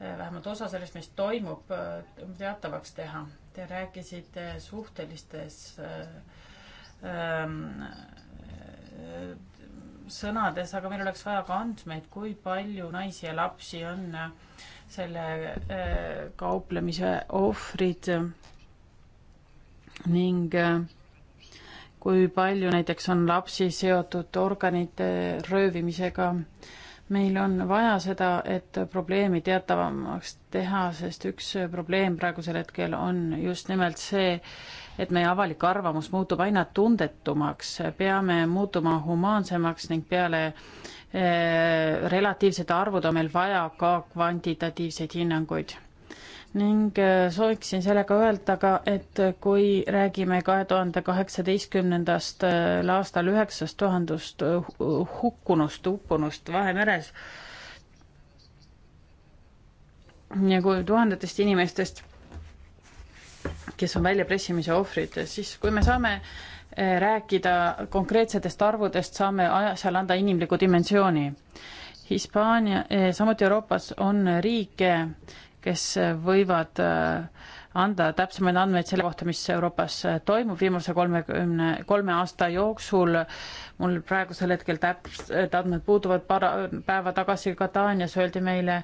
vähemalt osa sellest, mis toimub, äh, teatavaks teha. Te rääkisite suhtelistes äh, ähm, sõnades, aga meil oleks vaja ka andmeid, kui palju naisi ja lapsi on äh, selle äh, kauplemise ohvrid ning äh, kui palju näiteks on lapsi seotud organite röövimisega. meil on vaja seda, et probleemi teatavamaks teha, sest üks probleem praegusel hetkel on just nimelt see, et meie avalik arvamus muutub aina tundetumaks, peame muutuma humaansemaks ning peale Äh, relatiivsed arvud on meil vaja ka kvantitatiivseid hinnanguid. ning äh, sooviksin sellega öelda ka, et kui räägime kahe tuhande kaheksateistkümnendast äh, aastal üheksast tuhandest hukkunust, uppunust Vahemeres ja kui tuhandetest inimestest, kes on väljapressimise ohvrid, siis kui me saame äh, Eh, rääkida konkreetsetest arvudest, saame asjale anda inimliku dimensiooni. Hispaania, eh, samuti Euroopas on riike, kes võivad eh, anda täpsemaid andmeid selle kohta, mis Euroopas toimub viimase kolmekümne kolme aasta jooksul. mul praegusel hetkel täpsed andmed puuduvad, paar päeva tagasi Katanias öeldi meile,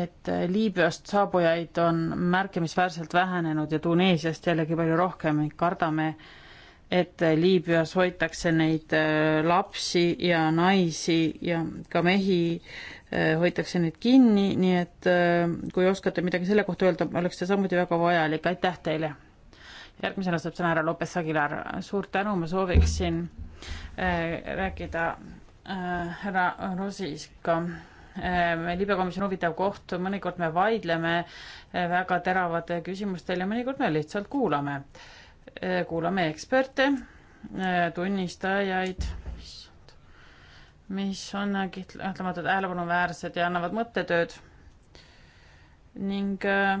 et Liibüast saabujaid on märkimisväärselt vähenenud ja Tuneesiast jällegi palju rohkem, kardame äh, et Liibüas hoitakse neid äh, lapsi ja naisi ja ka mehi, äh, hoitakse neid kinni, nii et äh, kui oskate midagi selle kohta öelda, oleks see samuti väga vajalik, aitäh teile. järgmisena saab sõna härra Lopez Aguilar, suur tänu, ma sooviksin rääkida härra Rosisga libe komisjon huvitav koht, mõnikord me vaidleme väga teravate küsimustele ja mõnikord me lihtsalt kuulame Eh, kuulame eksperte, eh, tunnistajaid, mis on kahtlemata tähelepanuväärsed ja annavad mõttetööd. ning eh,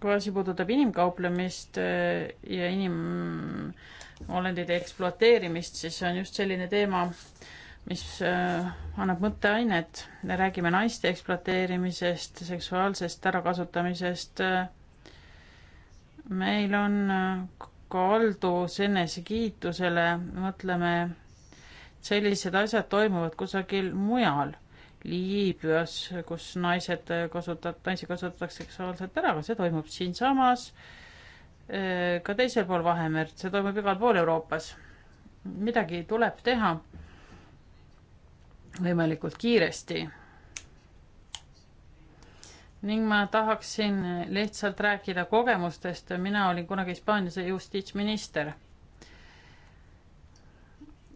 kui asi puudutab inimkauplemist ja inimolendite ekspluateerimist, siis see on just selline teema, mis annab mõtteainet. räägime naiste ekspluateerimisest, seksuaalsest ärakasutamisest meil on äh, kaldus enesekiitusele, mõtleme, sellised asjad toimuvad kusagil mujal. Liibüas, kus naised kasutat-, naisi kasutatakse seksuaalselt ära, aga see toimub siinsamas, äh, ka teisel pool Vahemerd, see toimub igal pool Euroopas. midagi tuleb teha võimalikult kiiresti ning ma tahaksin lihtsalt rääkida kogemustest, mina olin kunagi Hispaanias justiitsminister.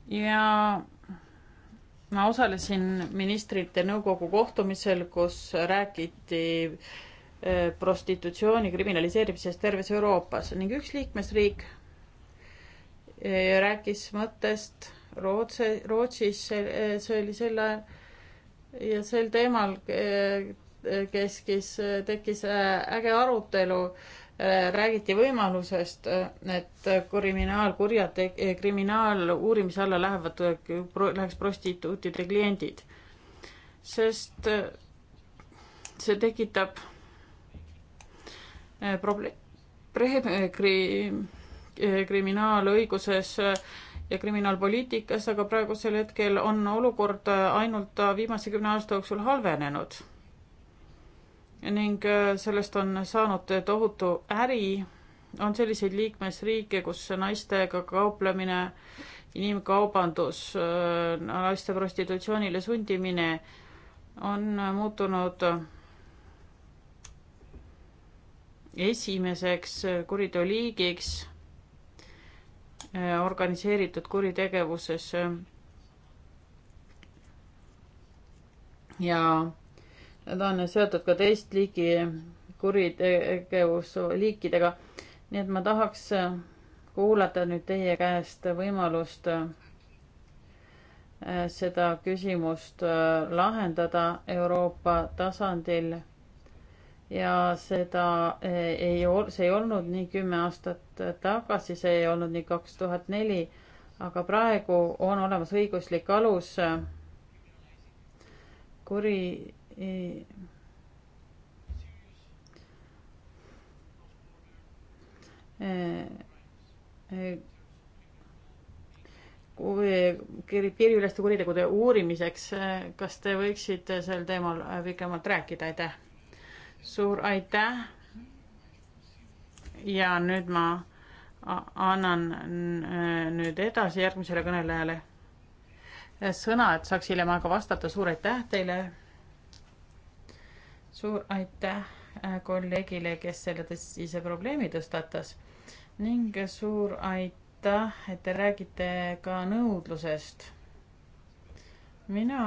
ja ma osalesin ministrite nõukogu kohtumisel, kus räägiti äh, prostitutsiooni kriminaliseerimisest terves Euroopas ning üks liikmesriik äh, rääkis mõttest Rootsi, Rootsis, äh, see oli sel ajal ja sel teemal keskis tekkis äh, äge arutelu, äh, räägiti võimalusest, äh, et kriminaalkurjad, kriminaaluurimise alla lähevad, läheks prostituutide kliendid. sest see tekitab probleeme kri, kriminaalõiguses ja kriminaalpoliitikas, aga praegusel hetkel on olukord ainult viimase kümne aasta jooksul halvenenud ning äh, sellest on saanud tohutu äri. on selliseid liikmesriike, kus naistega kauplemine, inimkaubandus, äh, naiste prostitutsioonile sundimine on muutunud esimeseks kuriteoliigiks äh, organiseeritud kuritegevuses. ja Nad on seotud ka teist liiki kuritegevusliikidega. nii et ma tahaks kuulata nüüd teie käest võimalust äh, seda küsimust äh, lahendada Euroopa tasandil. ja seda äh, ei, see ei olnud nii kümme aastat tagasi, see ei olnud nii kaks tuhat neli, aga praegu on olemas õiguslik alus kuri piiriüleste kuritegude uurimiseks, kas te võiksite sel teemal pikemalt rääkida, aitäh. suur aitäh. ja nüüd ma annan nüüd edasi järgmisele kõnelejale sõna, et saaks hiljem aega vastata, suur aitäh teile suur aitäh äh, kolleegile, kes selle tõsise probleemi tõstatas ning suur aitäh, et te räägite ka nõudlusest. mina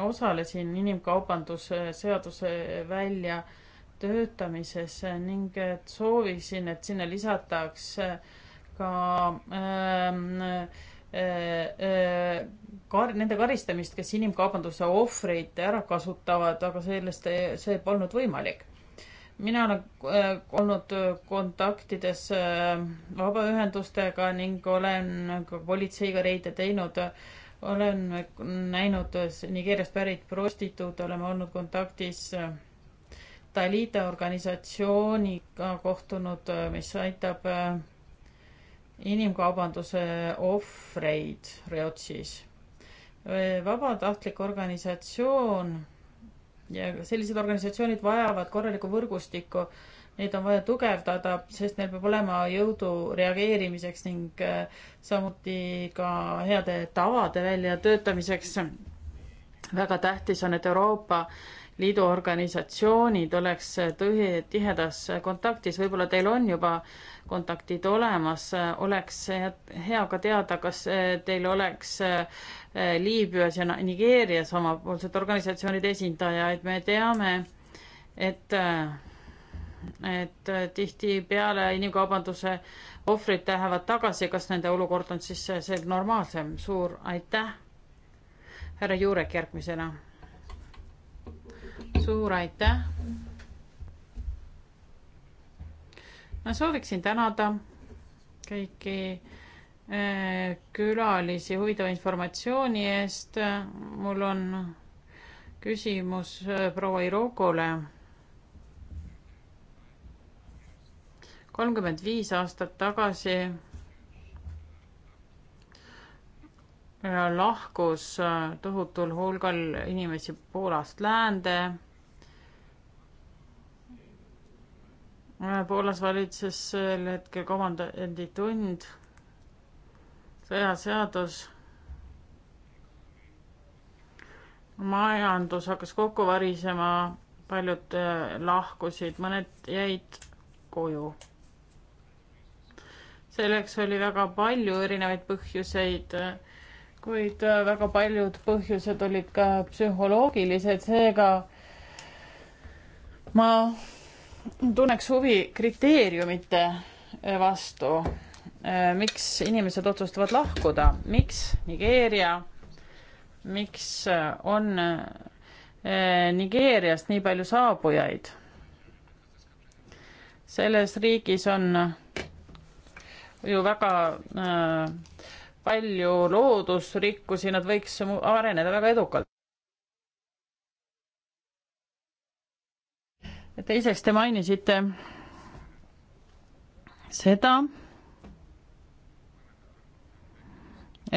osalesin inimkaubanduse seaduse väljatöötamises ning soovisin, et sinna lisataks ka ähm, Äh, äh, kar-, nende karistamist, kes inimkaubanduse ohvreid ära kasutavad, aga sellest, see polnud võimalik. mina olen äh, olnud kontaktides äh, vabaühendustega ning olen ka politseiga reide teinud. olen näinud Nigeeriast pärit prostituute, oleme olnud kontaktis äh, Talida organisatsiooniga kohtunud, äh, mis aitab äh, inimkaubanduse ohvreid Reotsis. vabatahtlik organisatsioon ja sellised organisatsioonid vajavad korralikku võrgustikku. Neid on vaja tugevdada, sest neil peab olema jõudu reageerimiseks ning äh, samuti ka heade tavade väljatöötamiseks väga tähtis on, et Euroopa Liidu organisatsioonid oleks tõhi-, tihedas kontaktis, võib-olla teil on juba kontaktid olemas, oleks hea ka teada, kas teil oleks eh, Liibüas ja Nigeerias omapoolsed organisatsioonide esindajaid, me teame, et eh, et tihtipeale inimkaubanduse ohvrid lähevad tagasi, kas nende olukord on siis eh, see normaalsem, suur aitäh härra Juurek järgmisena. suur aitäh. ma sooviksin tänada kõiki äh, külalisi huvitava informatsiooni eest. mul on küsimus äh, proua Irokole. kolmkümmend viis aastat tagasi lahkus äh, tohutul hulgal inimesi Poolast läände. Äh, Poolas valitses sel hetkel komandanditund, sõjaseadus. majandus hakkas kokku varisema, paljud äh, lahkusid, mõned jäid koju. selleks oli väga palju erinevaid põhjuseid kuid äh, väga paljud põhjused olid ka psühholoogilised, seega ma tunneks huvi kriteeriumite äh, vastu. Äh, miks inimesed otsustavad lahkuda, miks Nigeeria, miks on Nigeeriast nii palju saabujaid? selles riigis on ju väga äh, palju loodusrikkusi, nad võiks areneda väga edukalt. teiseks te mainisite seda,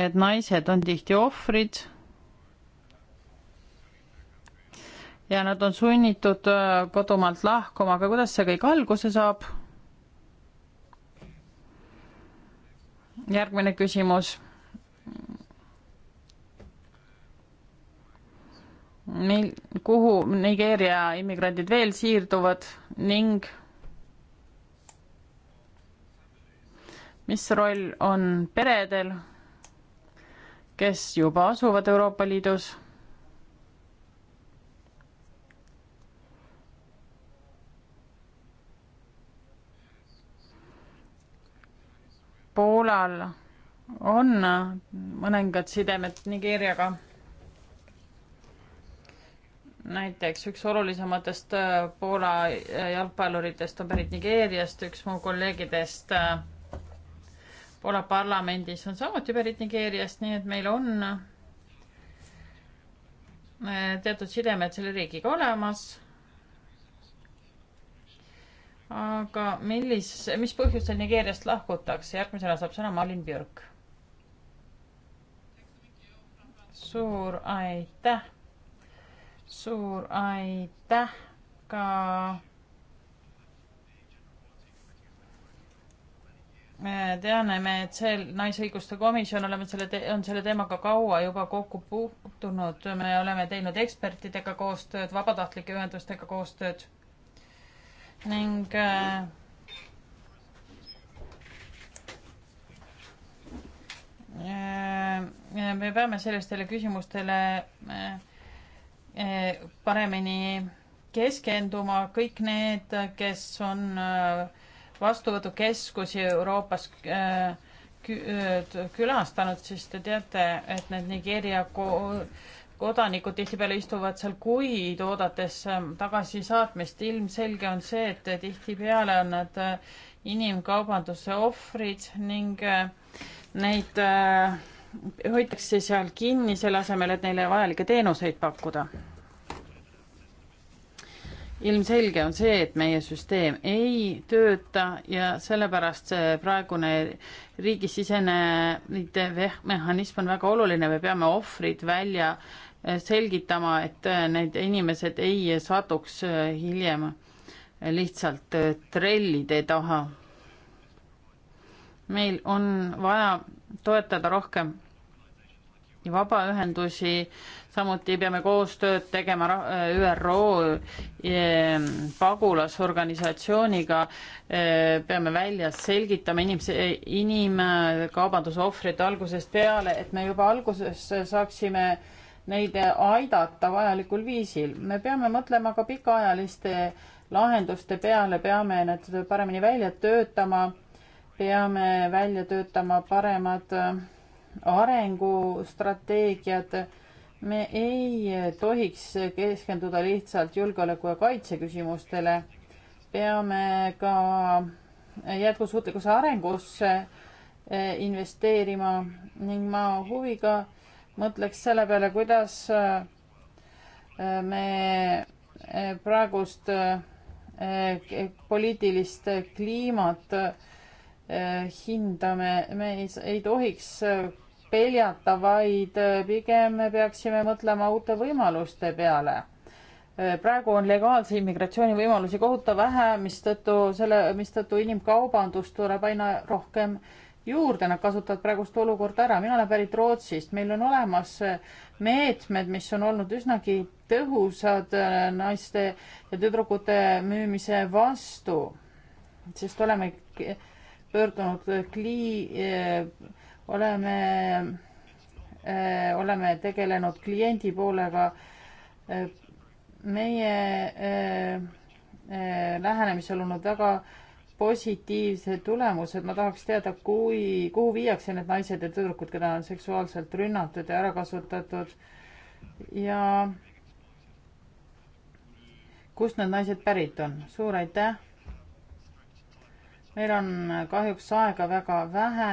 et naised on tihti ohvrid ja nad on sunnitud äh, kodumaalt lahkuma, aga kuidas see kõik alguse saab? järgmine küsimus. mil, kuhu Nigeeria immigrandid veel siirduvad ning mis roll on peredel, kes juba asuvad Euroopa Liidus Poolal on mõningad sidemed Nigeeriaga. näiteks üks olulisematest äh, Poola äh, jalgpalluritest on pärit Nigeeriast, üks mu kolleegidest äh, Poola parlamendis on samuti pärit Nigeeriast, nii et meil on teatud sidemed selle riigiga olemas aga millis, mis põhjusel Nigeeriast lahkutakse, järgmisena saab sõna Malin Björk. suur aitäh, suur aitäh ka me teame, me, et see Naisõiguste Komisjon oleme selle, on selle teemaga kaua juba kokku puutunud, me oleme teinud ekspertidega koostööd, vabatahtlike ühendustega koostööd ning äh, äh, me peame sellistele küsimustele äh, paremini keskenduma, kõik need, kes on vastuvõtukeskusi Euroopas külastanud, siis te teate, et need Nigeeria kodanikud tihtipeale istuvad seal kuid oodates ähm, tagasisaatmist. ilmselge on see, et tihtipeale on nad äh, inimkaubanduse ohvrid ning äh, neid äh, hoitakse seal kinni selle asemel, et neile vajalikke teenuseid pakkuda. ilmselge on see, et meie süsteem ei tööta ja sellepärast see praegune riigisisene mehhanism on väga oluline, me peame ohvrid välja äh, selgitama, et äh, need inimesed ei satuks äh, hiljem äh, lihtsalt trellide taha. meil on vaja toetada rohkem vabaühendusi, samuti peame koostööd tegema ÜRO pagulasorganisatsiooniga, peame välja selgitama inimese, inimkaubanduse ohvreid algusest peale, et me juba alguses saaksime äh, neid aidata vajalikul viisil. me peame mõtlema ka pikaajaliste lahenduste peale, peame need paremini välja töötama, peame välja töötama paremad arengustrateegiad. me ei tohiks keskenduda lihtsalt julgeoleku ja kaitse küsimustele. peame ka jätkusuutlikkuse arengusse investeerima ning ma huviga mõtleks selle peale, kuidas äh, äh, me äh, praegust poliitilist kliimat hindame, me ei, ei tohiks peljata, vaid pigem me peaksime mõtlema uute võimaluste peale. praegu on legaalse immigratsiooni võimalusi kohutav vähe, mistõttu selle, mistõttu inimkaubandust tuleb aina rohkem äh, juurde, nad kasutavad praegust olukorda ära. mina olen pärit Rootsist, meil on olemas eh, meetmed, mis on olnud üsnagi tõhusad eh, naiste ja tüdrukute müümise vastu, sest oleme pöördunud klii-, eh, oleme, oleme tegelenud kliendi poolega. meie lähenemisel olnud väga äh, positiivsed tulemused, ma tahaks teada, kui, kuhu viiakse need naised ja tüdrukud, keda on seksuaalselt rünnatud ja ära kasutatud ja kust need naised pärit on, suur aitäh. meil on kahjuks aega väga vähe,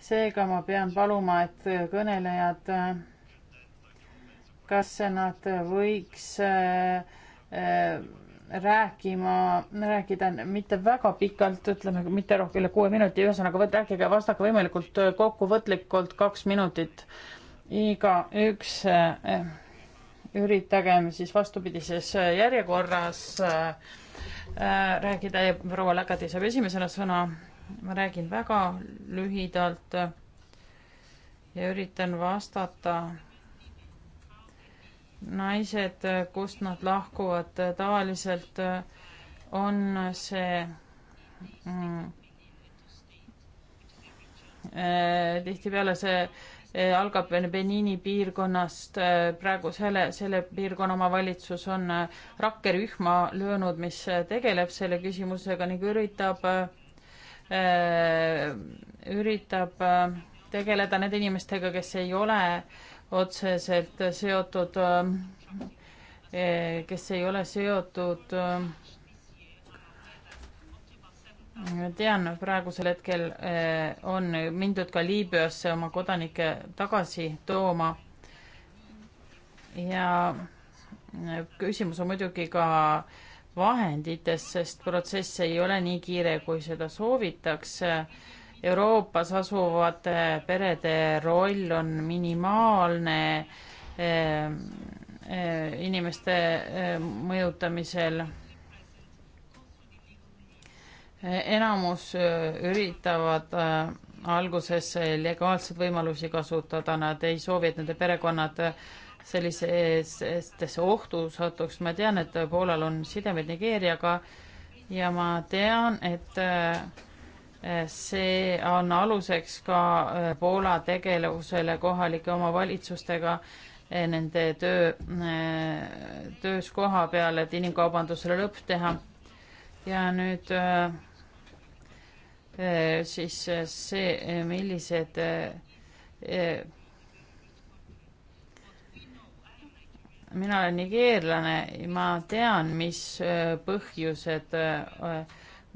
seega ma pean paluma, et kõnelejad, kas nad võiks äh, äh, rääkima, rääkida mitte väga pikalt, ütleme mitte rohkem üle kuue minuti, ühesõnaga võt-, rääkige, vastake võimalikult äh, kokkuvõtlikult kaks minutit igaüks äh,. üritagem siis vastupidises äh, järjekorras äh, äh, rääkida ja proua Läkati saab esimesena sõna. ma räägin väga lühidalt ja üritan vastata naised, kust nad lahkuvad, tavaliselt äh, on see mm, äh, tihtipeale see äh, algab Benini piirkonnast, praegu selle, selle piirkonna omavalitsus on rakkerühma löönud, mis tegeleb selle küsimusega ning üritab, üritab tegeleda nende inimestega, kes ei ole äh, otseselt seotud, eh, kes ei ole seotud. Eh, tean, praegusel hetkel eh, on mindud ka Liibüasse oma kodanikke tagasi tooma. ja küsimus on muidugi ka vahendites, sest protsess ei ole nii kiire, kui seda soovitakse Euroopas asuvate perede roll on minimaalne eh, eh, inimeste eh, mõjutamisel. enamus üritavad alguses legaalseid võimalusi kasutada, nad ei soovi, et nende perekonnad sellisesse ohtu satuks. ma tean, et Poolal on sidemed Nigeeriaga ja ma tean, et see on aluseks ka äh, Poola tegevusele kohalike omavalitsustega, äh, nende töö, äh, töös koha peal, et inimkaubandusele lõpp teha. ja nüüd siis see, millised mina olen nigeerlane, ma tean, mis põhjused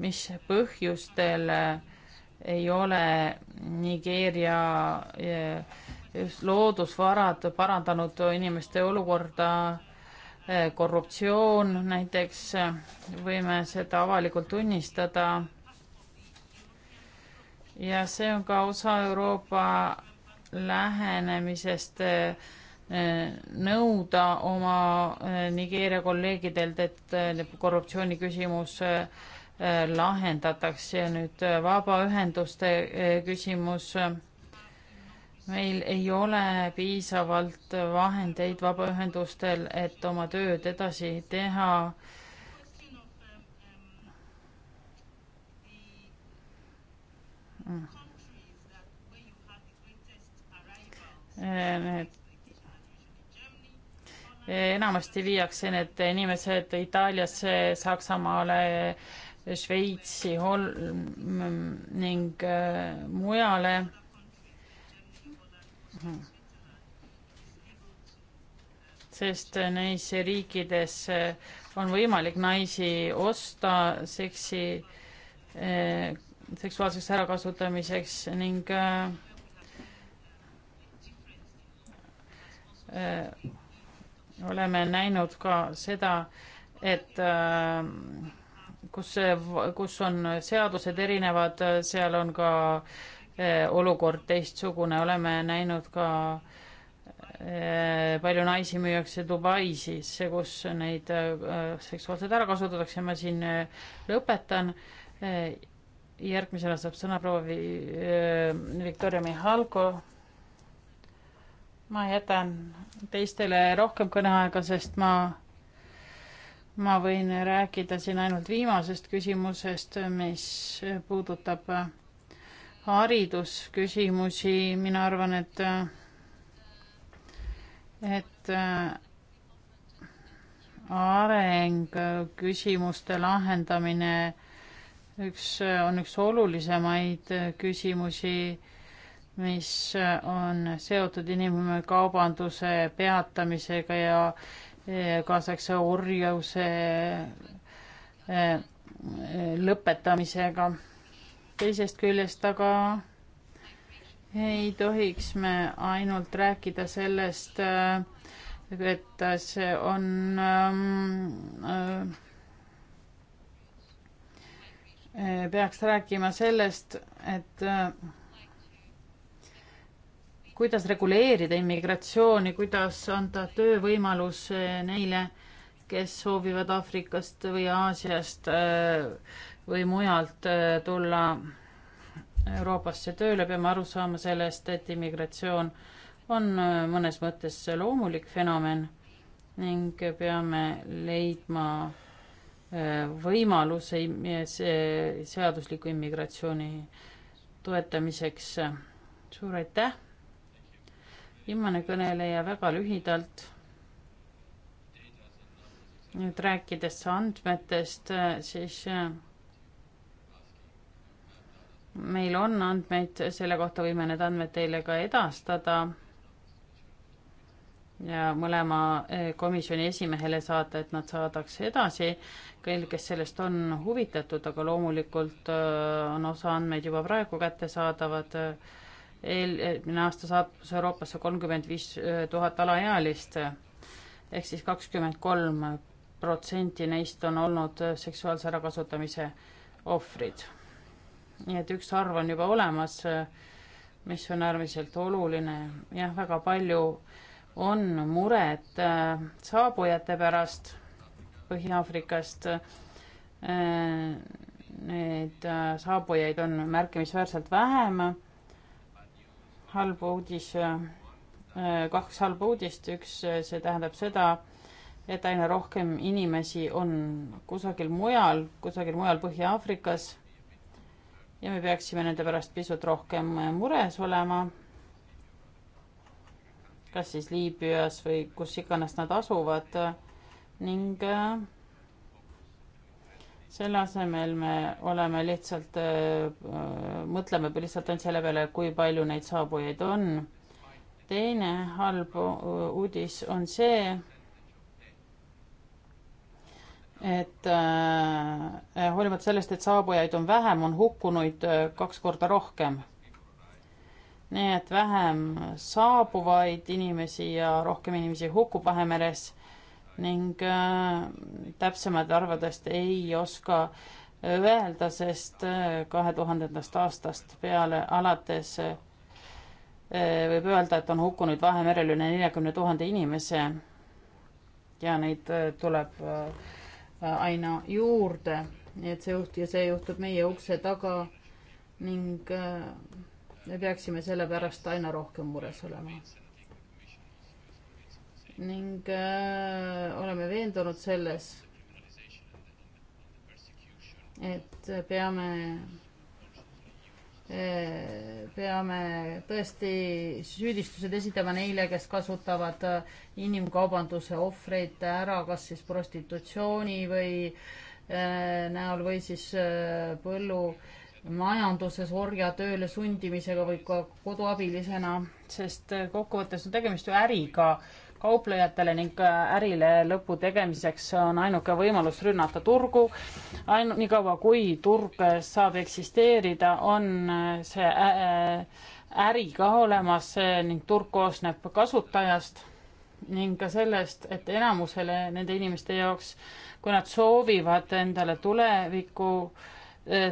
mis põhjustel äh, ei ole Nigeeria äh, loodusvarad parandanud inimeste olukorda, äh, korruptsioon näiteks, võime seda avalikult tunnistada. ja see on ka osa Euroopa lähenemisest nõuda oma Nigeeria kolleegidelt, et korruptsiooniküsimus lahendatakse ja nüüd äh, vabaühenduste äh, küsimus. meil ei ole piisavalt vahendeid vabaühendustel, et oma tööd edasi teha. Need mm. äh, enamasti viiakse need inimesed Itaaliasse, Saksamaale Šveitsi Hol- ning äh, mujale. sest äh, neis riikides on võimalik naisi osta seksi, äh, seksuaalseks ärakasutamiseks ning oleme näinud ka seda, et äh, kus, kus on seadused erinevad, seal on ka eh, olukord teistsugune, oleme näinud ka eh, palju naisi müüakse Dubaisis, kus neid eh, seksuaalselt ära kasutatakse, ma siin lõpetan. järgmisena saab sõna proua Viktoria Mihalko. ma jätan teistele rohkem kõneaega, sest ma ma võin rääkida siin ainult viimasest küsimusest, mis puudutab haridusküsimusi, mina arvan, et et areng, küsimuste lahendamine, üks, on üks olulisemaid küsimusi, mis on seotud inimkaubanduse peatamisega ja Eh, kaasaegse orjuse eh, lõpetamisega. teisest küljest aga ei tohiks me ainult rääkida sellest, eh, et see on ähm, äh, peaks rääkima sellest, et äh, kuidas reguleerida immigratsiooni, kuidas anda töövõimalus neile, kes soovivad Aafrikast või Aasiast äh, või mujalt äh, tulla Euroopasse tööle, peame aru saama sellest, et immigratsioon on äh, mõnes mõttes loomulik fenomen ning peame leidma võimaluse seadusliku immigratsiooni toetamiseks. suur aitäh! viimane kõneleja väga lühidalt. nüüd rääkides andmetest, siis äh, meil on andmeid selle kohta, võime need andmed teile ka edastada ja mõlema äh, komisjoni esimehele saata, et nad saadaks edasi kõigil, kes sellest on huvitatud, aga loomulikult äh, on osa andmeid juba praegu kättesaadavad eelmine aasta saabus Euroopasse kolmkümmend viis äh, tuhat alaealist ehk siis kakskümmend kolm protsenti neist on olnud äh, seksuaalse ärakasutamise ohvrid. nii et üks arv on juba olemas, äh, mis on äärmiselt oluline. jah, väga palju on muret saabujate pärast Põhja-Aafrikast. Neid saabujaid on märkimisväärselt vähem halb uudis, äh, äh, kaks halba uudist, üks, äh, see tähendab seda, et aina rohkem inimesi on kusagil mujal, kusagil mujal Põhja-Aafrikas ja me peaksime nende pärast pisut rohkem mures olema, kas siis Liibüas või kus iganes nad asuvad ning selle asemel me oleme lihtsalt, äh, mõtleme lihtsalt ainult selle peale, kui palju neid saabujaid on. teine halb uudis on see, et äh, hoolimata sellest, et saabujaid on vähem, on hukkunuid äh, kaks korda rohkem. nii et vähem saabuvaid inimesi ja rohkem inimesi hukkub Vahemeres ning äh, täpsemaid arvadest ei oska öelda, sest äh, kahe tuhandendast aastast peale alates äh, võib öelda, et on hukkunud Vahemerel üle neljakümne tuhande inimese ja neid tuleb aina juurde, nii et see juht ja see juhtub meie ukse taga ning me peaksime selle pärast aina rohkem mures olema ning äh, oleme veendunud selles, et peame äh,, peame tõesti süüdistused esitama neile, kes kasutavad äh, inimkaubanduse ohvreid ära, kas siis prostitutsiooni või äh, näol või siis äh, põllumajanduses orjatööle sundimisega või ka koduabilisena, sest äh, kokkuvõttes on tegemist ju äriga äh, kauplejatele ning ärile lõpu tegemiseks on ainuke võimalus rünnata turgu. ainu-, niikaua kui turg saab eksisteerida, on see äri ka olemas ning turg koosneb kasutajast ning ka sellest, et enamusele nende inimeste jaoks, kui nad soovivad endale tulevikku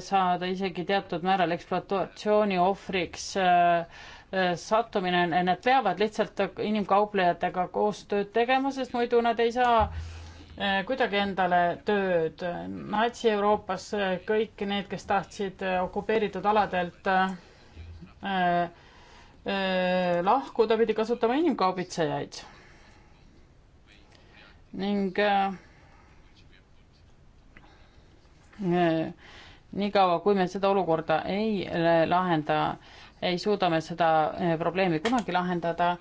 saada isegi teatud määral ekspluatatsiooni ohvriks äh, sattumine, nad peavad lihtsalt inimkauplejatega koostööd tegema, sest muidu nad ei saa eh, kuidagi endale tööd. Natsi-Euroopas eh, kõik need, kes tahtsid eh, okupeeritud aladelt äh, äh, lahkuda, pidi kasutama inimkaubitsejaid. ning äh, niikaua, kui me seda olukorda ei lahenda äh,, ei suuda me seda eh, probleemi kunagi lahendada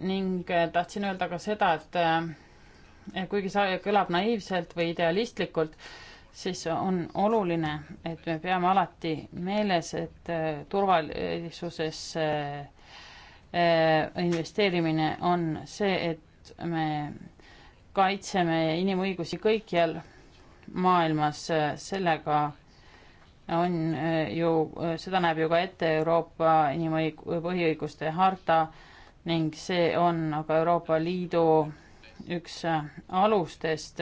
ning eh, tahtsin öelda ka seda, et eh, kuigi see kõlab naiivselt või idealistlikult, siis on oluline, et me peame alati meeles, et turvalisuses investeerimine on see, et me kaitseme inimõigusi kõikjal maailmas sellega on eh, ju, eh, seda näeb ju ka ette Euroopa inimõig-, põhiõiguste harta ning see on aga Euroopa Liidu üks eh, alustest,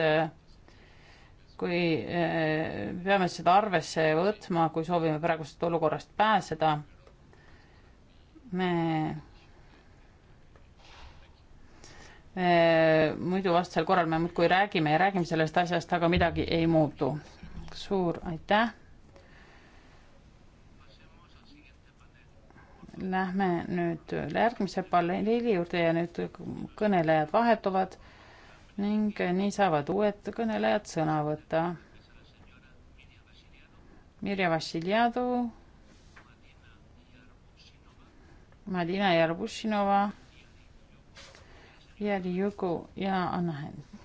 kui peame seda arvesse võtma, kui soovime praegusest olukorrast pääseda, me muidu vastasel korral me muudkui räägime ja räägime sellest asjast, aga midagi ei muutu. suur aitäh Lähme nüüd järgmise paneeli juurde ja nüüd kõnelejad vahetuvad ning nii saavad uued kõnelejad sõna võtta. Mirja Vassiljadu, Madina Jarbušinova ja Ryuko ja Anna Hent.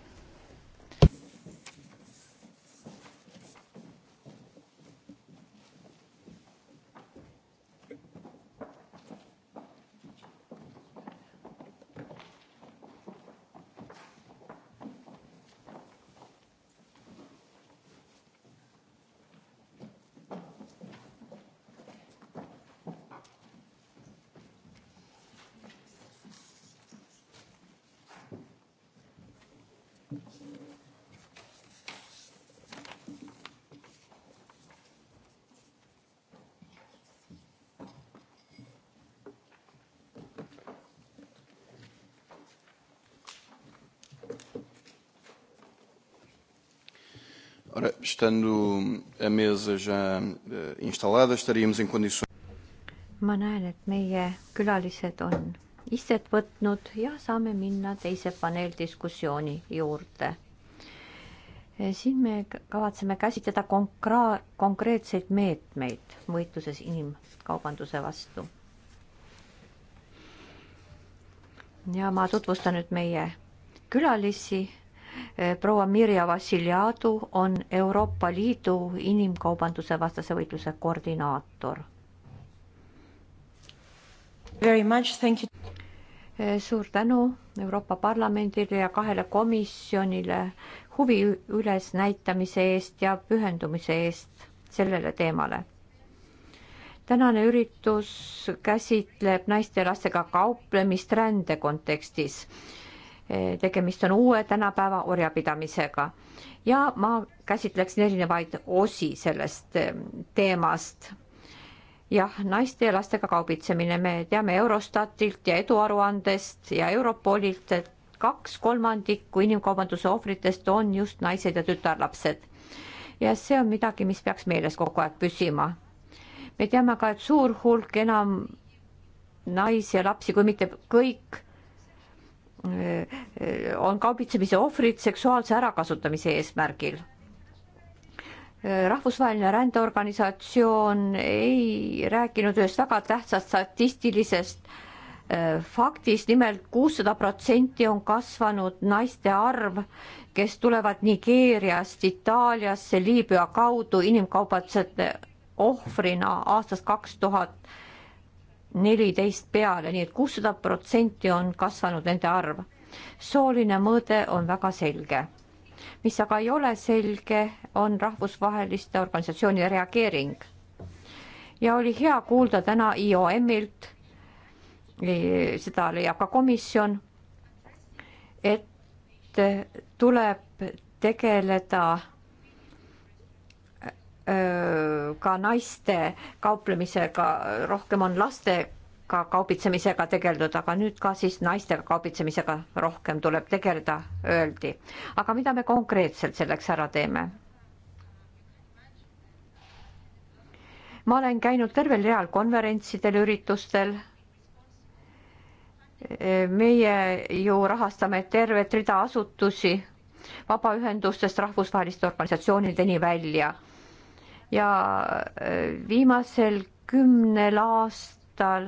Ora, estando a mesa já eh, instalada, estaríamos em condições. ma näen, et meie külalised on istet võtnud ja saame minna teise paneeldiskussiooni juurde. Eh, siin me kavatseme käsitleda konkra-, konkreetseid meetmeid võitluses inimkaubanduse vastu. ja ma tutvustan nüüd meie külalisi Eh, proua Mirja Vassiljadu on Euroopa Liidu inimkaubanduse vastase võitluse koordinaator. Eh, suur tänu Euroopa Parlamendile ja kahele komisjonile huvi ülesnäitamise eest ja pühendumise eest sellele teemale. tänane üritus käsitleb naiste ja lastega kauplemist rände kontekstis Eh, tegemist on uue tänapäeva orjapidamisega ja ma käsitleksin erinevaid osi sellest eh, teemast. jah, naiste ja lastega kaubitsemine, me teame Eurostatilt ja eduaruandest ja Europolilt, et kaks kolmandikku inimkaubanduse ohvritest on just naised ja tütarlapsed. ja see on midagi, mis peaks meeles kogu aeg püsima. me teame ka, et suur hulk enam naisi ja lapsi, kui mitte kõik on kaubitsemise ohvrid seksuaalse ärakasutamise eesmärgil. rahvusvaheline rändeorganisatsioon ei rääkinud ühest väga tähtsast statistilisest äh, faktist nimelt kuussada protsenti on kasvanud naiste arv, kes tulevad Nigeeriast Itaaliasse Liibüa kaudu inimkaubatsejate ohvrina aastast kaks tuhat neliteist peale, nii et kuussada protsenti on kasvanud nende arv. sooline mõõde on väga selge. mis aga ei ole selge, on rahvusvaheliste organisatsioonide reageering. ja oli hea kuulda täna IOM-ilt, e, seda leiab ka komisjon, et tuleb tegeleda ka naiste kauplemisega, rohkem on lastega ka kaubitsemisega tegeldud, aga nüüd ka siis naistega kaubitsemisega rohkem tuleb tegeleda, öeldi. aga mida me konkreetselt selleks ära teeme? ma olen käinud tervel real konverentsidel, üritustel. meie ju rahastame tervet rida asutusi vabaühendustest rahvusvaheliste organisatsioonideni välja ja äh, viimasel kümnel aastal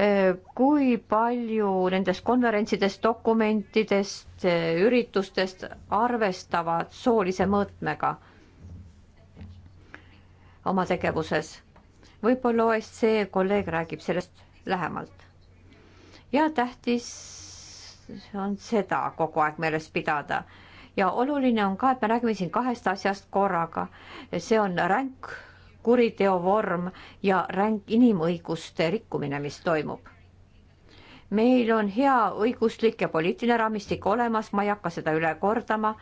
äh, kui palju nendest konverentsidest, dokumentidest, äh, üritustest arvestavad soolise mõõtmega oma tegevuses. võib-olla OSCE kolleeg räägib sellest lähemalt. ja tähtis on seda kogu aeg meeles pidada ja oluline on ka, et me räägime siin kahest asjast korraga. see on ränk kuriteo vorm ja ränk inimõiguste rikkumine, mis toimub. meil on hea õiguslik ja poliitiline raamistik olemas, ma ei hakka seda üle kordama.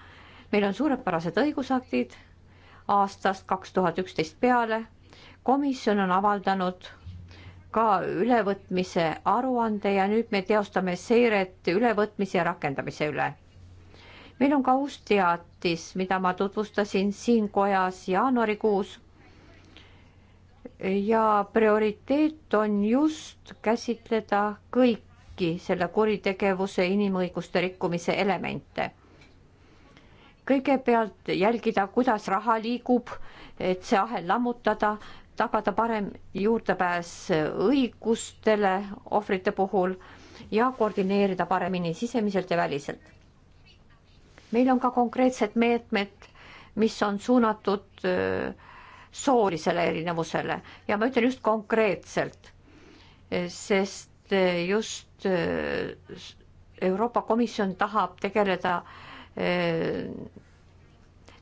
meil on suurepärased õigusaktid aastast kaks tuhat üksteist peale. komisjon on avaldanud ka ülevõtmise aruande ja nüüd me teostame seiret ülevõtmise ja rakendamise üle meil on ka uus teatis, mida ma tutvustasin siin kojas jaanuarikuus. ja prioriteet on just käsitleda kõiki selle kuritegevuse inimõiguste rikkumise elemente. kõigepealt jälgida, kuidas raha liigub, et see ahel lammutada, tagada parem juurdepääs õigustele ohvrite puhul ja koordineerida paremini sisemiselt ja väliselt meil on ka konkreetsed meetmed, mis on suunatud soolisele erinevusele ja ma ütlen just konkreetselt, e, sest e, just e, Euroopa Komisjon tahab tegeleda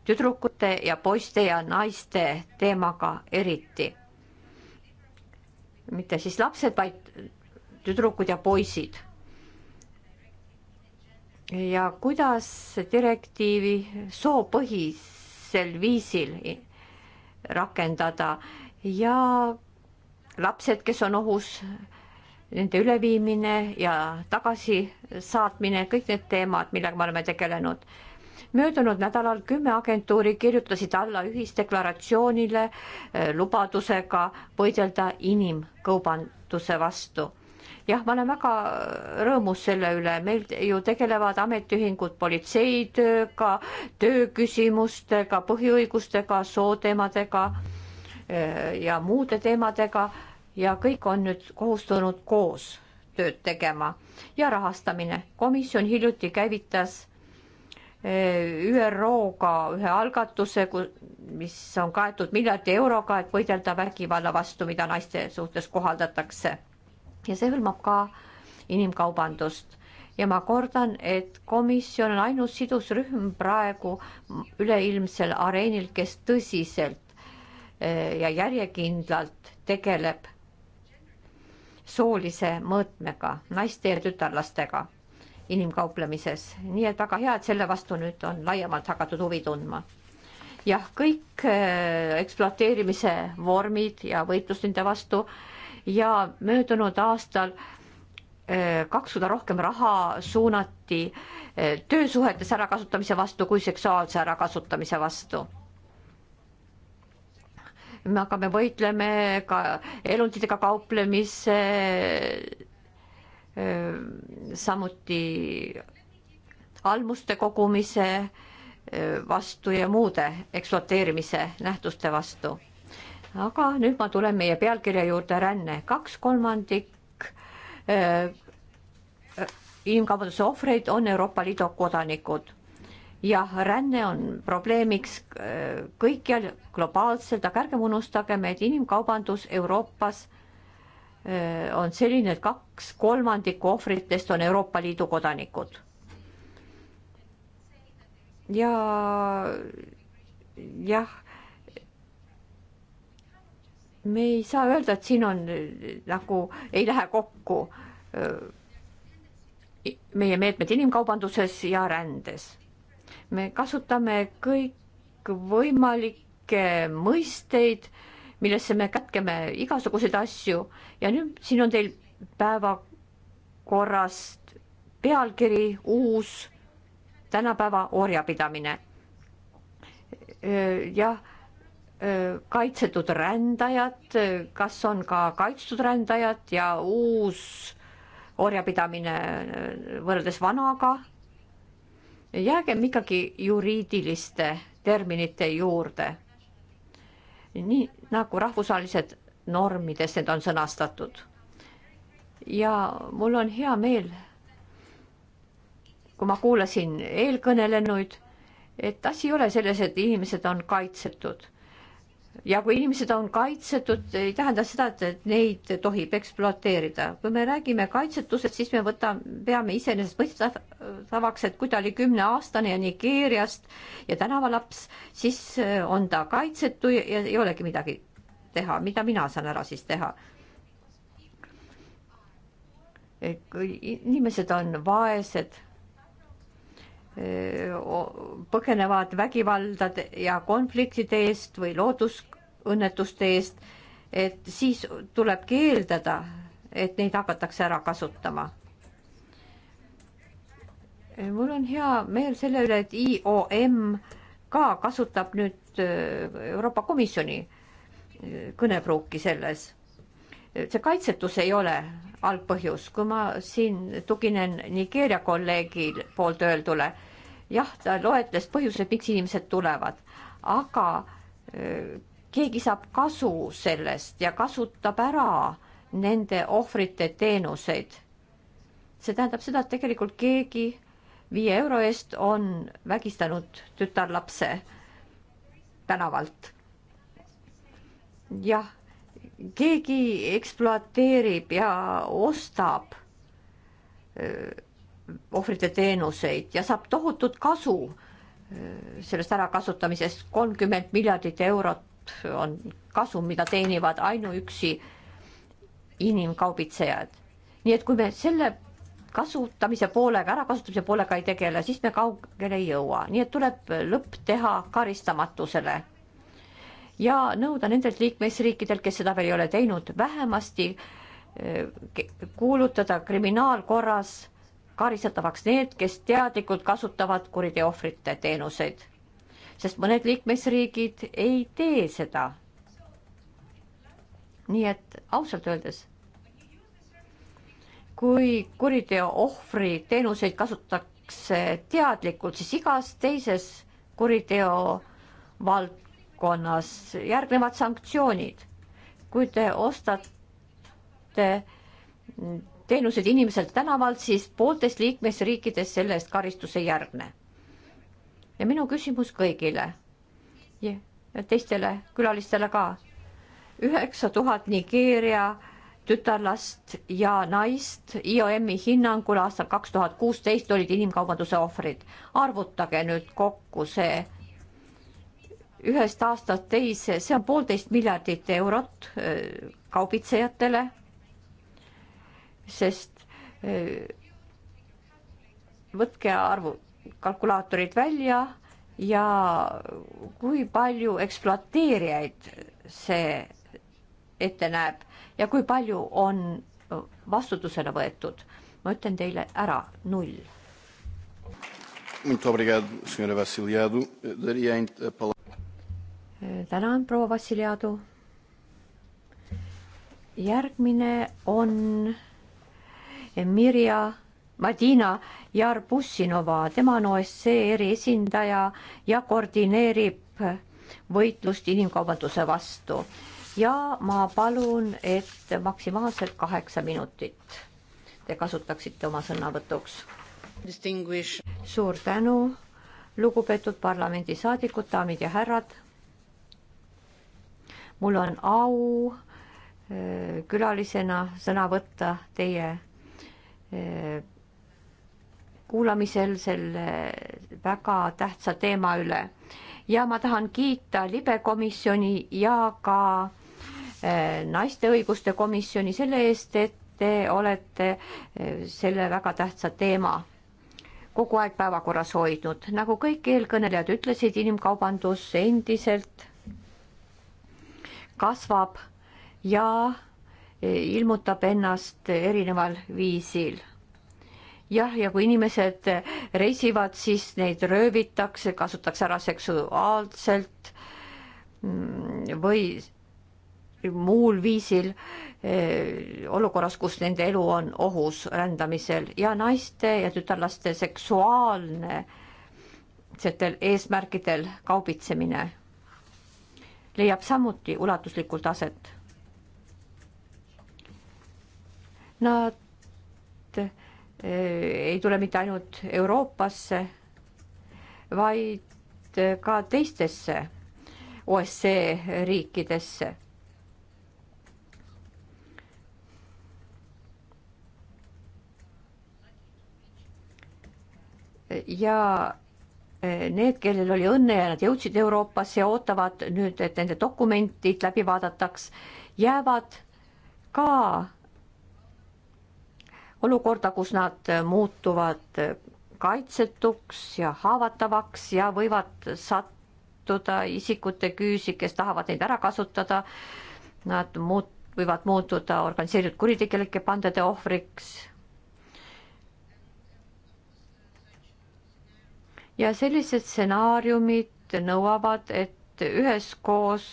tüdrukute ja poiste ja naiste teemaga eriti. mitte siis lapsed, vaid tüdrukud ja poisid ja kuidas direktiivi soopõhisel viisil rakendada ja lapsed, kes on ohus, nende üleviimine ja tagasisaatmine, kõik need teemad, millega me oleme tegelenud. möödunud nädalal kümme agentuuri kirjutasid alla ühisdeklaratsioonile eh, lubadusega võidelda inimkaubanduse vastu jah, ma olen väga rõõmus selle üle, meil ju tegelevad ametiühingud politseitööga, tööküsimustega, põhiõigustega, sooteemadega eh, ja muude teemadega ja kõik on nüüd kohustunud koos tööd tegema ja rahastamine. komisjon hiljuti käivitas eh, ÜRO-ga ühe algatuse, mis on kaetud miljardi euroga, et võidelda vägivalla vastu, mida naiste suhtes kohaldatakse ja see hõlmab ka inimkaubandust ja ma kordan, et komisjon on ainus sidusrühm praegu üleilmsel areenil, kes tõsiselt eh, ja järjekindlalt tegeleb soolise mõõtmega, naiste ja tütarlastega inimkauplemises, nii et väga hea, et selle vastu nüüd on laiemalt hakatud huvi tundma. jah, kõik eh, ekspluateerimise vormid ja võitlus nende vastu äh, ja möödunud aastal eh, kakssada rohkem raha suunati eh, töösuhetes ärakasutamise vastu kui seksuaalse ärakasutamise vastu. me hakkame võitleme ka elunditega kauplemise, eh, samuti almuste kogumise vastu ja muude ekspluateerimise nähtuste vastu aga nüüd ma tulen meie pealkirja juurde, ränne, kaks kolmandik äh, äh inimkaubanduse ohvreid on Euroopa Liidu kodanikud. jah, ränne on probleemiks äh, kõikjal globaalselt, aga ärgem unustagem, et inimkaubandus Euroopas äh, on selline, et kaks kolmandikku ohvritest on Euroopa Liidu kodanikud. ja jah me ei saa öelda, et siin on nagu ei lähe kokku meie meetmed inimkaubanduses ja rändes. me kasutame kõikvõimalikke mõisteid, millesse me kätkeme igasuguseid asju ja nüüd siin on teil päevakorrast pealkiri uus tänapäeva orjapidamine. jah kaitsetud rändajad, kas on ka kaitstud rändajad ja uus orjapidamine võrreldes vanaga. jäägem ikkagi juriidiliste terminite juurde. nii nagu rahvusvahelised normides need on sõnastatud. ja mul on hea meel, kui ma kuulasin eelkõnelenuid, et asi ei ole selles, et inimesed on kaitsetud ja kui inimesed on kaitsetud, ei tähenda seda, et neid tohib ekspluateerida. kui me räägime kaitsetusest, siis me võtame, peame iseenesestmõistetavaks, et kui ta oli kümneaastane ja Nigeeriast ja tänavalaps, siis äh, on ta kaitsetu ja ei olegi midagi teha, mida mina saan ära siis teha. inimesed on vaesed põgenevad vägivaldade ja konfliktide eest või loodusõnnetuste eest, et siis tuleb keeldada, et neid hakatakse ära kasutama. mul on hea meel selle üle, et IOM ka kasutab nüüd Euroopa Komisjoni kõnepruuki selles. see kaitsetus ei ole algpõhjus, kui ma siin tuginen Nigeeria kolleegi poolt öeldule jah, ta loetles põhjused, miks inimesed tulevad, aga keegi saab kasu sellest ja kasutab ära nende ohvrite teenuseid. see tähendab seda, et tegelikult keegi viie euro eest on vägistanud tütarlapse tänavalt. jah, keegi ekspluateerib ja ostab öö, ohvrite teenuseid ja saab tohutut kasu äh, sellest ärakasutamisest. kolmkümmend miljardit eurot on kasu, mida teenivad ainuüksi inimkaubitsejad. nii et kui me selle kasutamise poolega, ärakasutamise poolega ei tegele, siis me kaugele ei jõua, nii et tuleb lõpp teha karistamatusele. ja nõuda nendelt liikmesriikidelt, kes seda veel ei ole teinud, vähemasti äh, kuulutada kriminaalkorras karistatavaks need, kes teadlikult kasutavad kuriteo ohvrite teenuseid, sest mõned liikmesriigid ei tee seda. nii et ausalt öeldes, kui kuriteo ohvri teenuseid kasutatakse teadlikult, siis igas teises kuriteo valdkonnas järgnevad sanktsioonid. kui te ostate teenused inimeselt tänavalt, siis pooltes liikmesriikides selle eest karistus ei järgne. ja minu küsimus kõigile ja teistele külalistele ka. üheksa tuhat Nigeeria tütarlast ja naist IOM-i hinnangul aastal kaks tuhat kuusteist olid inimkaubanduse ohvrid. arvutage nüüd kokku see ühest aastast teise, see on poolteist miljardit eurot äh, kaubitsejatele sest eh, võtke arvu, kalkulaatorid välja ja kui palju ekspluateerijaid see ette näeb ja kui palju on vastutusele võetud. ma ütlen teile ära, null. Eh, eh, tänan, proua Vassiljadu. järgmine on Mirja Madina Jarbussinova, tema on OSCE eriesindaja ja koordineerib võitlust inimkaubanduse vastu. ja ma palun, et maksimaalselt kaheksa minutit te kasutaksite oma sõnavõtuks. suur tänu, lugupeetud parlamendisaadikud, daamid ja härrad. mul on au äh, külalisena sõna võtta teie kuulamisel selle väga tähtsa teema üle ja ma tahan kiita libekomisjoni ja ka eh, naiste õiguste komisjoni selle eest, et te olete eh, selle väga tähtsa teema kogu aeg päevakorras hoidnud. nagu kõik eelkõnelejad ütlesid, inimkaubandus endiselt kasvab ja ilmutab ennast erineval viisil. jah, ja kui inimesed reisivad, siis neid röövitakse, kasutatakse ära seksuaalselt või muul viisil eh, olukorras, kus nende elu on ohus rändamisel ja naiste ja tütarlaste seksuaalne eesmärkidel kaubitsemine leiab samuti ulatuslikult aset Nad eh, ei tule mitte ainult Euroopasse, vaid eh, ka teistesse OSCE riikidesse ja eh, need, kellel oli õnne ja nad jõudsid Euroopasse ja ootavad nüüd, et nende dokumentid läbi vaadataks, jäävad ka olukorda, kus nad muutuvad kaitsetuks ja haavatavaks ja võivad sattuda isikute küüsi, kes tahavad neid ära kasutada. Nad muut-, võivad muutuda organiseeritud kuritegelike pandade ohvriks. ja sellised stsenaariumid nõuavad, et üheskoos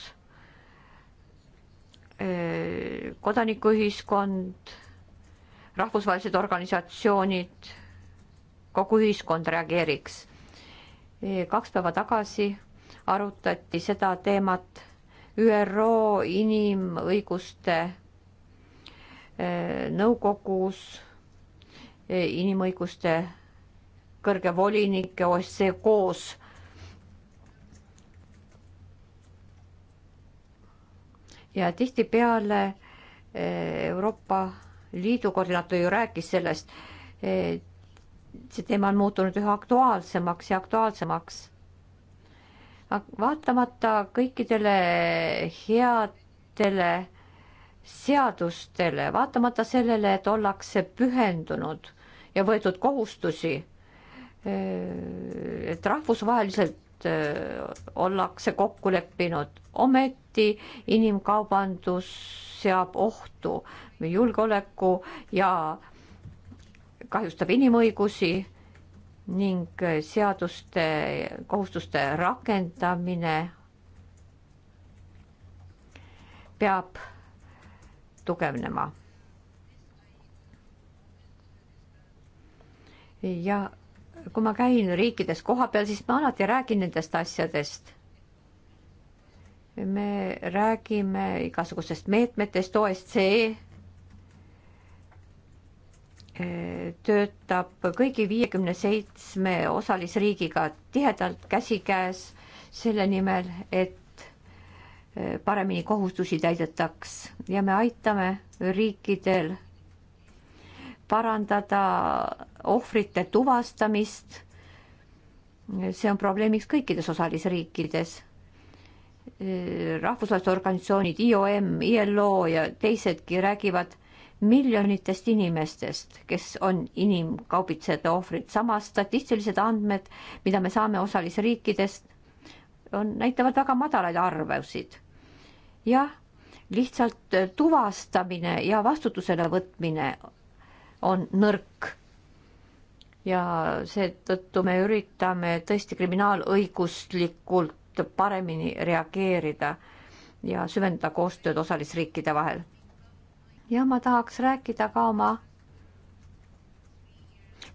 eh, kodanikuühiskond rahvusvahelised organisatsioonid, kogu ühiskond reageeriks. kaks päeva tagasi arutati seda teemat ÜRO inimõiguste eh, nõukogus, eh, inimõiguste kõrge volinik ja OSCE koos ja tihtipeale eh, Euroopa Liidu koordinaator ju rääkis sellest, see teema on muutunud üha aktuaalsemaks ja aktuaalsemaks. vaatamata kõikidele headele seadustele, vaatamata sellele, et ollakse pühendunud ja võetud kohustusi, et rahvusvaheliselt Äh, ollakse kokku leppinud, ometi inimkaubandus seab ohtu julgeoleku ja kahjustab inimõigusi ning äh, seaduste, kohustuste rakendamine peab tugevnema. ja kui ma käin riikides kohapeal, siis ma alati räägin nendest asjadest. me räägime igasugustest meetmetest, OSCE e, töötab kõigi viiekümne seitsme osalisriigiga tihedalt käsikäes selle nimel, et e, paremini kohustusi täidetaks ja me aitame riikidel parandada ohvrite tuvastamist. see on probleemiks kõikides osalisriikides. rahvusvahelised organisatsioonid, IOM, ILO ja teisedki räägivad miljonitest inimestest, kes on inimkaubitsejate ohvrid, samas statistilised andmed, mida me saame osalisriikidest, on, näitavad väga madalaid arvesid. jah lihtsalt tuvastamine ja vastutusele võtmine on nõrk. ja seetõttu me üritame tõesti kriminaalõiguslikult paremini reageerida ja süvendada koostööd osalisriikide vahel. ja ma tahaks rääkida ka oma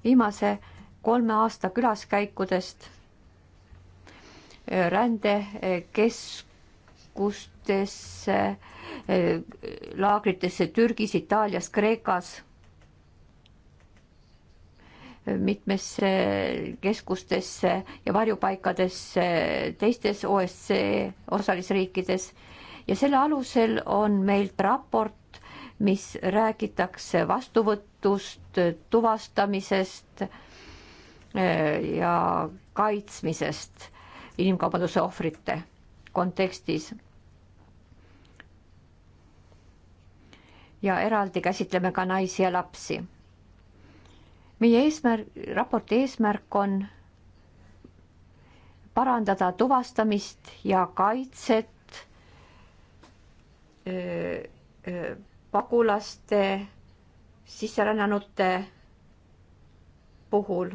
viimase kolme aasta külaskäikudest rändekeskustesse, laagritesse Türgis, Itaalias, Kreekas mitmesse keskustesse ja varjupaikadesse teistes OSCE osalisriikides ja selle alusel on meilt raport, mis räägitakse vastuvõtust, tuvastamisest äh, ja kaitsmisest inimkaubanduse ohvrite kontekstis. ja eraldi käsitleme ka naisi ja lapsi meie eesmärk, raporti eesmärk on parandada tuvastamist ja kaitset öö, öö, pagulaste, sisserännanute puhul.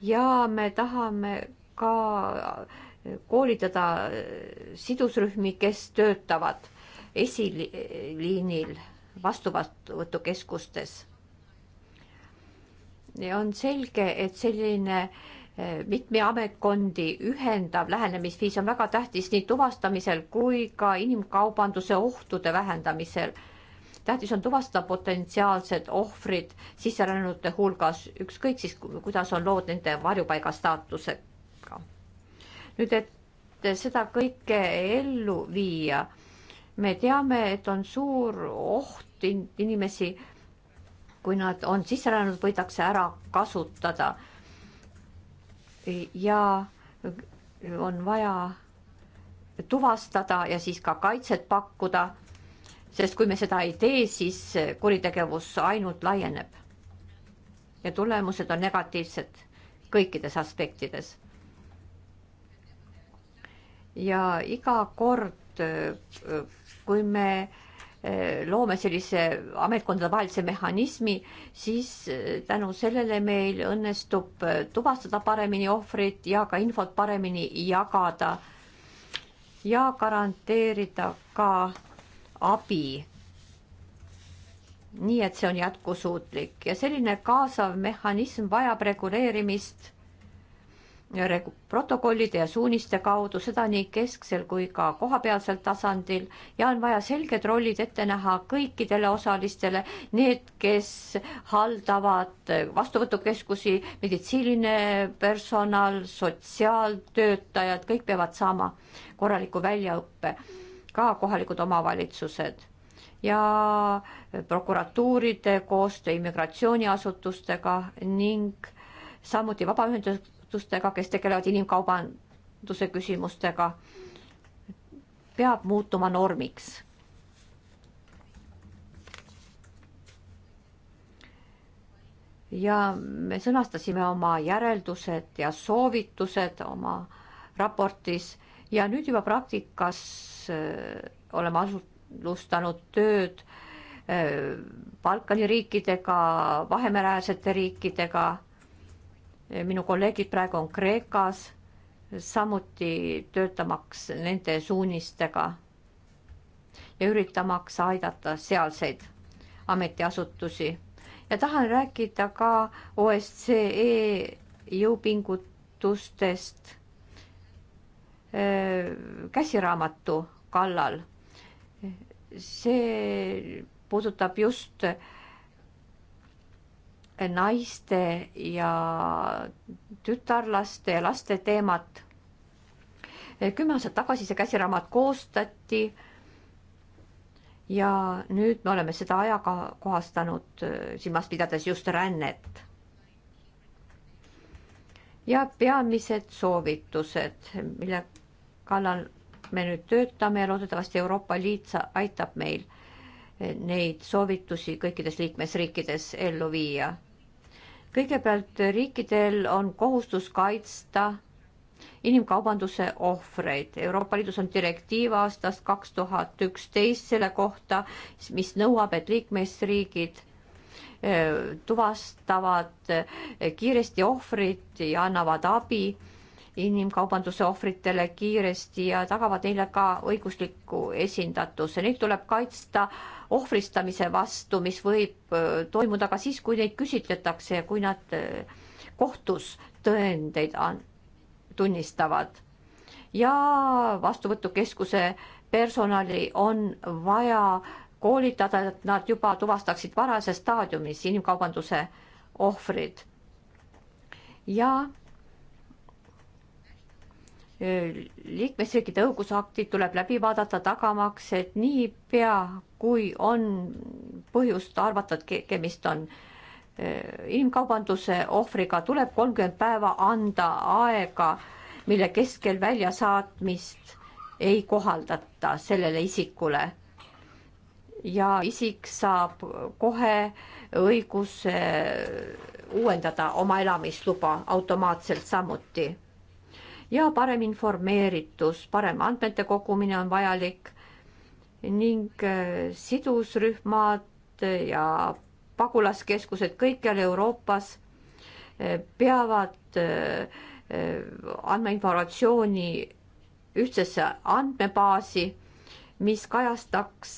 ja me tahame ka koolitada sidusrühmi, kes töötavad esiliinil vastuvõtukeskustes ja on selge, et selline eh, mitme ametkondi ühendav lähenemisviis on väga tähtis nii tuvastamisel kui ka inimkaubanduse ohtude vähendamisel. tähtis on tuvastada potentsiaalsed ohvrid sisserännute hulgas, ükskõik siis, kuidas on lood nende varjupaiga staatusega. nüüd, et seda kõike ellu viia, me teame, et on suur oht inimesi kui nad on sisse rännanud, võidakse ära kasutada. ja on vaja tuvastada ja siis ka kaitset pakkuda, sest kui me seda ei tee, siis kuritegevus ainult laieneb. ja tulemused on negatiivsed kõikides aspektides. ja iga kord, kui me loome sellise ametkondadevahelise mehhanismi, siis eh, tänu sellele meil õnnestub eh, tuvastada paremini ohvrit ja ka infot paremini jagada ja garanteerida ka abi. nii et see on jätkusuutlik ja selline kaasav mehhanism vajab reguleerimist protokollide ja suuniste kaudu, seda nii kesksel kui ka kohapealsel tasandil ja on vaja selged rollid ette näha kõikidele osalistele, need, kes haldavad vastuvõtukeskusi, meditsiiniline personal, sotsiaaltöötajad, kõik peavad saama korraliku väljaõppe, ka kohalikud omavalitsused ja prokuratuuride koostöö immigratsiooniasutustega ning samuti vabaühendus, asutustega, kes tegelevad inimkaubanduse küsimustega, peab muutuma normiks. ja me sõnastasime oma järeldused ja soovitused oma raportis ja nüüd juba praktikas äh, oleme asustanud tööd äh, Balkani riikidega, Vahemereäärsete riikidega minu kolleegid praegu on Kreekas, samuti töötamaks nende suunistega ja üritamaks aidata sealseid ametiasutusi. ja tahan rääkida ka OSCE jõupingutustest äh, käsiraamatu kallal. see puudutab just äh, naiste ja tütarlaste ja laste teemat. kümme aastat tagasi see käsiraamat koostati. ja nüüd me oleme seda ajaga kohastanud, silmas pidades just rännet. ja peamised soovitused, mille kallal me nüüd töötame ja loodetavasti Euroopa Liit aitab meil neid soovitusi kõikides liikmesriikides ellu viia. kõigepealt riikidel on kohustus kaitsta inimkaubanduse ohvreid. Euroopa Liidus on direktiiv aastast kaks tuhat üksteist selle kohta, mis nõuab, et liikmesriigid eh, tuvastavad eh, kiiresti ohvrit ja annavad abi inimkaubanduse ohvritele kiiresti ja tagavad neile ka õigusliku esindatuse. Neid tuleb kaitsta ohvristamise vastu, mis võib äh, toimuda ka siis, kui neid küsitletakse ja kui nad äh, kohtus tõendeid tunnistavad. ja vastuvõtukeskuse personali on vaja koolitada, et nad juba tuvastaksid varases staadiumis inimkaubanduse ohvrid. ja liikmesriikide õigusaktid tuleb läbi vaadata tagamaks, et niipea, kui on põhjust arvata, et tegemist on inimkaubanduse ohvriga, tuleb kolmkümmend päeva anda aega, mille keskel väljasaatmist ei kohaldata sellele isikule. ja isik saab kohe õiguse uuendada oma elamisluba automaatselt samuti ja parem informeeritus, parem andmete kogumine on vajalik ning äh, sidusrühmad ja pagulaskeskused kõikjal Euroopas äh, peavad äh, andma informatsiooni ühtsesse andmebaasi, mis kajastaks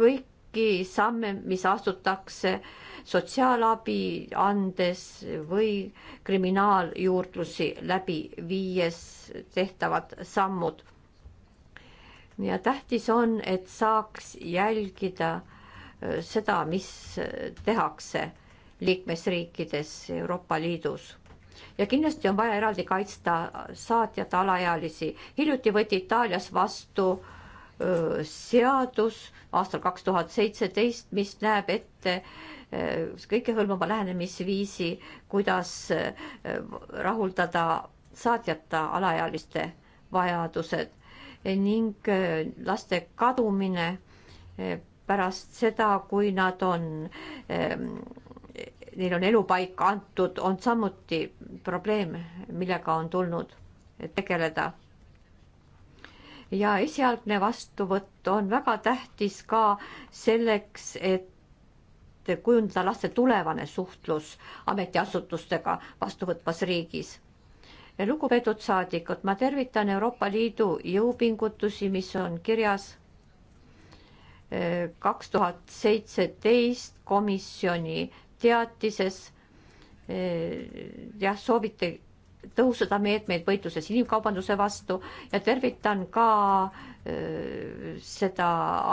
kõiki samme, mis astutakse äh, sotsiaalabi andes või kriminaaljuurdlusi läbi viies tehtavad sammud. ja tähtis on, et saaks jälgida äh, seda, mis äh, tehakse liikmesriikides Euroopa Liidus ja kindlasti on vaja eraldi kaitsta saatjate alaealisi. hiljuti võeti Itaalias vastu äh, seadus aastal kaks tuhat seitseteist, mis näeb ette kõikehõlmava lähenemisviisi, kuidas rahuldada saatjata alaealiste vajadused ning laste kadumine pärast seda, kui nad on, neil on elupaik antud, on samuti probleem, millega on tulnud tegeleda ja esialgne vastuvõtt on väga tähtis ka selleks, et kujundada laste tulevane suhtlus ametiasutustega vastuvõtvas riigis. lugupeetud saadikud, ma tervitan Euroopa Liidu jõupingutusi, mis on kirjas eh, kaks tuhat seitseteist komisjoni teatises. Eh, jah, soovite tõhustada meetmeid võitluses inimkaubanduse vastu ja tervitan ka öö, seda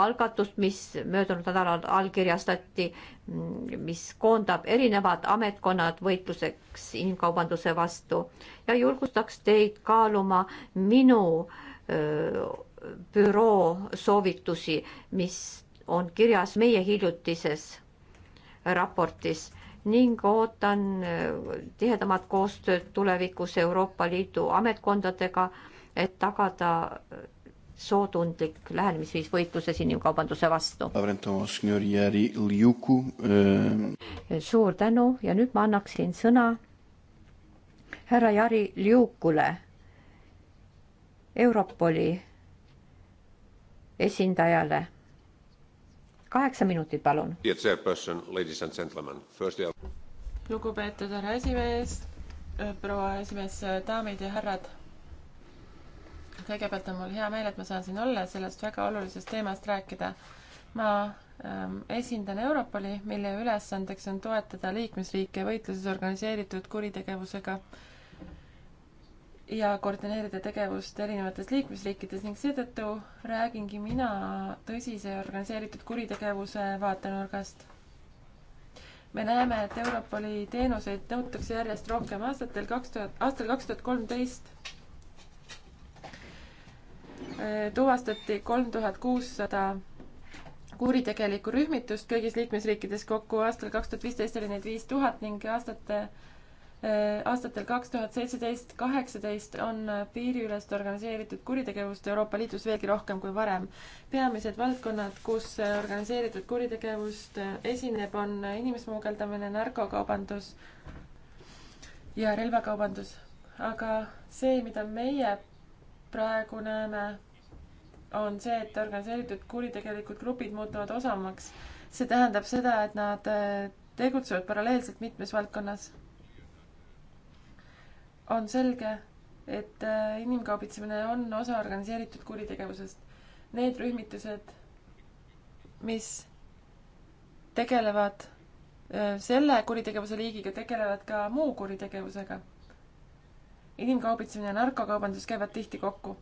algatust, mis möödunud nädalal allkirjastati, mm, mis koondab erinevad ametkonnad võitluseks inimkaubanduse vastu ja julgustaks teid kaaluma minu öö, büroo soovitusi, mis on kirjas meie hiljutises raportis ning ootan äh, tihedamat koostööd tulevikus Euroopa Liidu ametkondadega, et tagada äh, sootundlik lähenemisviis võitluses inimkaubanduse vastu. Äh, suur tänu ja nüüd ma annaksin sõna härra Jari Liukule, Europoli esindajale kaheksa minutit, palun. lugupeetud härra esimees, äh, proua esimees, äh, daamid ja härrad. kõigepealt on mul hea meel, et ma saan siin olla ja sellest väga olulisest teemast rääkida. ma ähm, esindan Europoli, mille ülesandeks on toetada liikmesriike võitluses organiseeritud kuritegevusega ja koordineerida tegevust erinevates liikmesriikides ning seetõttu räägingi mina tõsise organiseeritud kuritegevuse vaatenurgast. me näeme, et Europoli teenuseid nõutakse järjest rohkem aastatel kaks tuhat, aastal kaks tuhat kolmteist tuvastati kolm tuhat kuussada kuritegelikku rühmitust kõigis liikmesriikides kokku, aastal kaks tuhat viisteist oli neid viis tuhat ning aastate Äh, aastatel kaks tuhat seitseteist, kaheksateist on äh, piiriülest organiseeritud kuritegevust Euroopa Liidus veelgi rohkem kui varem. peamised valdkonnad, kus äh, organiseeritud kuritegevust esineb, on inimesmugeldamine, narkokaubandus ja relvakaubandus. aga see, mida meie praegu näeme, on see, et organiseeritud kuritegelikud grupid muutuvad osavamaks. see tähendab seda, et nad tegutsevad paralleelselt mitmes valdkonnas on selge, et äh, inimkaubitsemine on osa organiseeritud kuritegevusest. Need rühmitused, mis tegelevad äh, selle kuritegevuse liigiga, tegelevad ka muu kuritegevusega. inimkaubitsemine ja narkokaubandus käivad tihti kokku.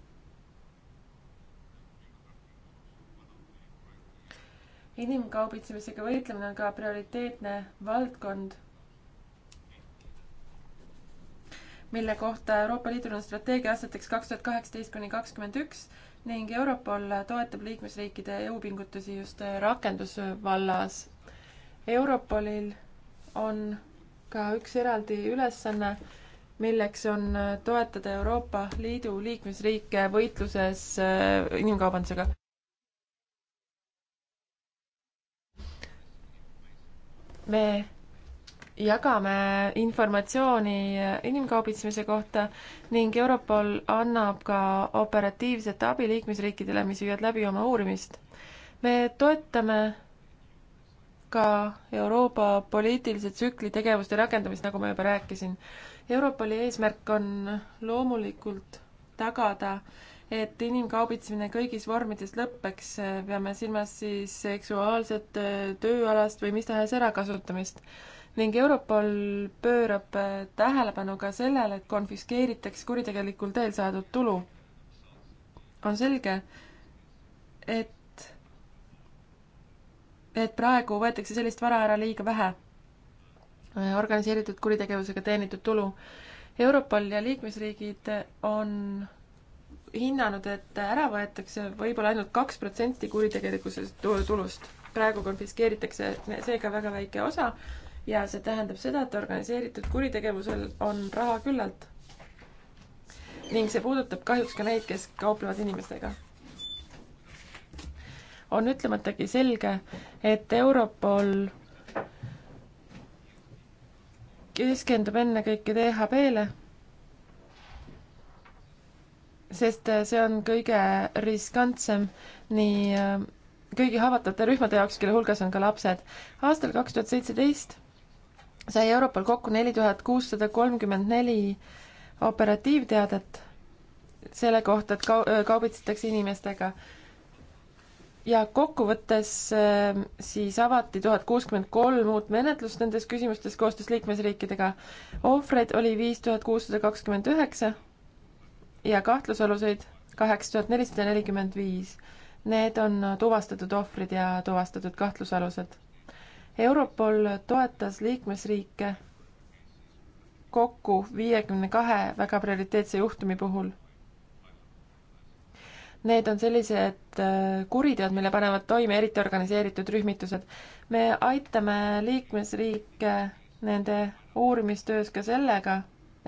inimkaubitsemisega võitlemine on ka prioriteetne valdkond mille kohta Euroopa Liidul on strateegia aastateks kaks tuhat kaheksateist kuni kakskümmend üks ning Europol toetab liikmesriikide jõupingutusi just rakendusvallas. Europolil on ka üks eraldi ülesanne, milleks on toetada Euroopa Liidu liikmesriike võitluses äh, inimkaubandusega. me jagame informatsiooni inimkaubitsemise kohta ning Europol annab ka operatiivset abi liikmesriikidele, mis viivad läbi oma uurimist. me toetame ka Euroopa poliitilise tsükli tegevuste rakendamist, nagu ma juba rääkisin. Europoli eesmärk on loomulikult tagada, et inimkaubitsemine kõigis vormides lõpeks, peame silmas siis seksuaalset, tööalast või mis tahes ärakasutamist ning Europol pöörab tähelepanu ka sellele, et konfiskeeritakse kuritegelikul teel saadud tulu. on selge, et, et praegu võetakse sellist vara ära liiga vähe, äh, organiseeritud kuritegevusega teenitud tulu. Europol ja liikmesriigid on hinnanud, et ära võetakse võib-olla ainult kaks protsenti kuritegelikkusest tulust. praegu konfiskeeritakse seega väga väike osa ja see tähendab seda, et organiseeritud kuritegevusel on raha küllalt. ning see puudutab kahjuks ka neid, kes kauplevad inimestega. on ütlematagi selge, et Europol keskendub ennekõike DHB-le, sest see on kõige riskantsem nii kõigi haavatavate rühmade jaoks, kelle hulgas on ka lapsed. aastal kaks tuhat seitseteist sai Europol kokku neli tuhat kuussada kolmkümmend neli operatiivteadet selle kohta, et kau-, kaubitsetakse inimestega. ja kokkuvõttes siis avati tuhat kuuskümmend kolm uut menetlust nendes küsimustes koostöös liikmesriikidega. ohvreid oli viis tuhat kuussada kakskümmend üheksa ja kahtlusaluseid kaheksa tuhat nelisada nelikümmend viis. Need on tuvastatud ohvrid ja tuvastatud kahtlusalused Europol toetas liikmesriike kokku viiekümne kahe väga prioriteetse juhtumi puhul. Need on sellised äh, kuriteod, mille panevad toime eriti organiseeritud rühmitused. me aitame liikmesriike nende uurimistöös ka sellega,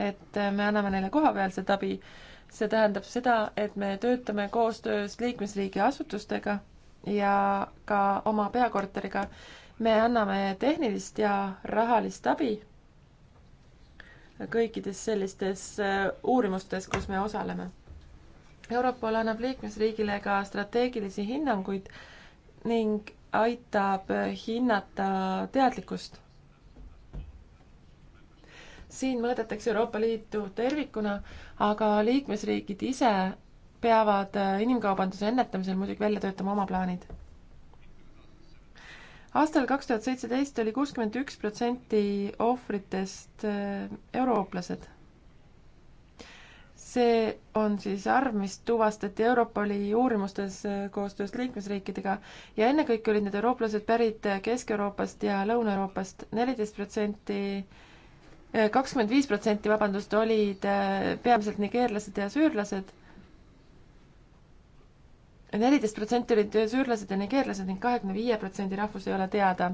et me anname neile kohapealset abi. see tähendab seda, et me töötame koostöös liikmesriigi asutustega ja ka oma peakorteriga me anname tehnilist ja rahalist abi kõikides sellistes äh, uurimustes, kus me osaleme. Europol annab liikmesriigile ka strateegilisi hinnanguid ning aitab hinnata teadlikkust. siin mõõdetakse Euroopa Liitu tervikuna, aga liikmesriigid ise peavad äh, inimkaubanduse ennetamisel muidugi välja töötama oma plaanid aastal kaks tuhat seitseteist oli kuuskümmend üks protsenti ohvritest äh, eurooplased. see on siis arv, mis tuvastati Europoli uurimustes äh, koostöös liikmesriikidega ja ennekõike olid need eurooplased pärit äh, Kesk-Euroopast ja Lõuna-Euroopast. neliteist protsenti kakskümmend viis protsenti, vabandust, olid peamiselt nigeerlased ja süürlased neliteist protsenti olid süürlased ja nigeerlased ning kahekümne viie protsendi rahvus ei ole teada.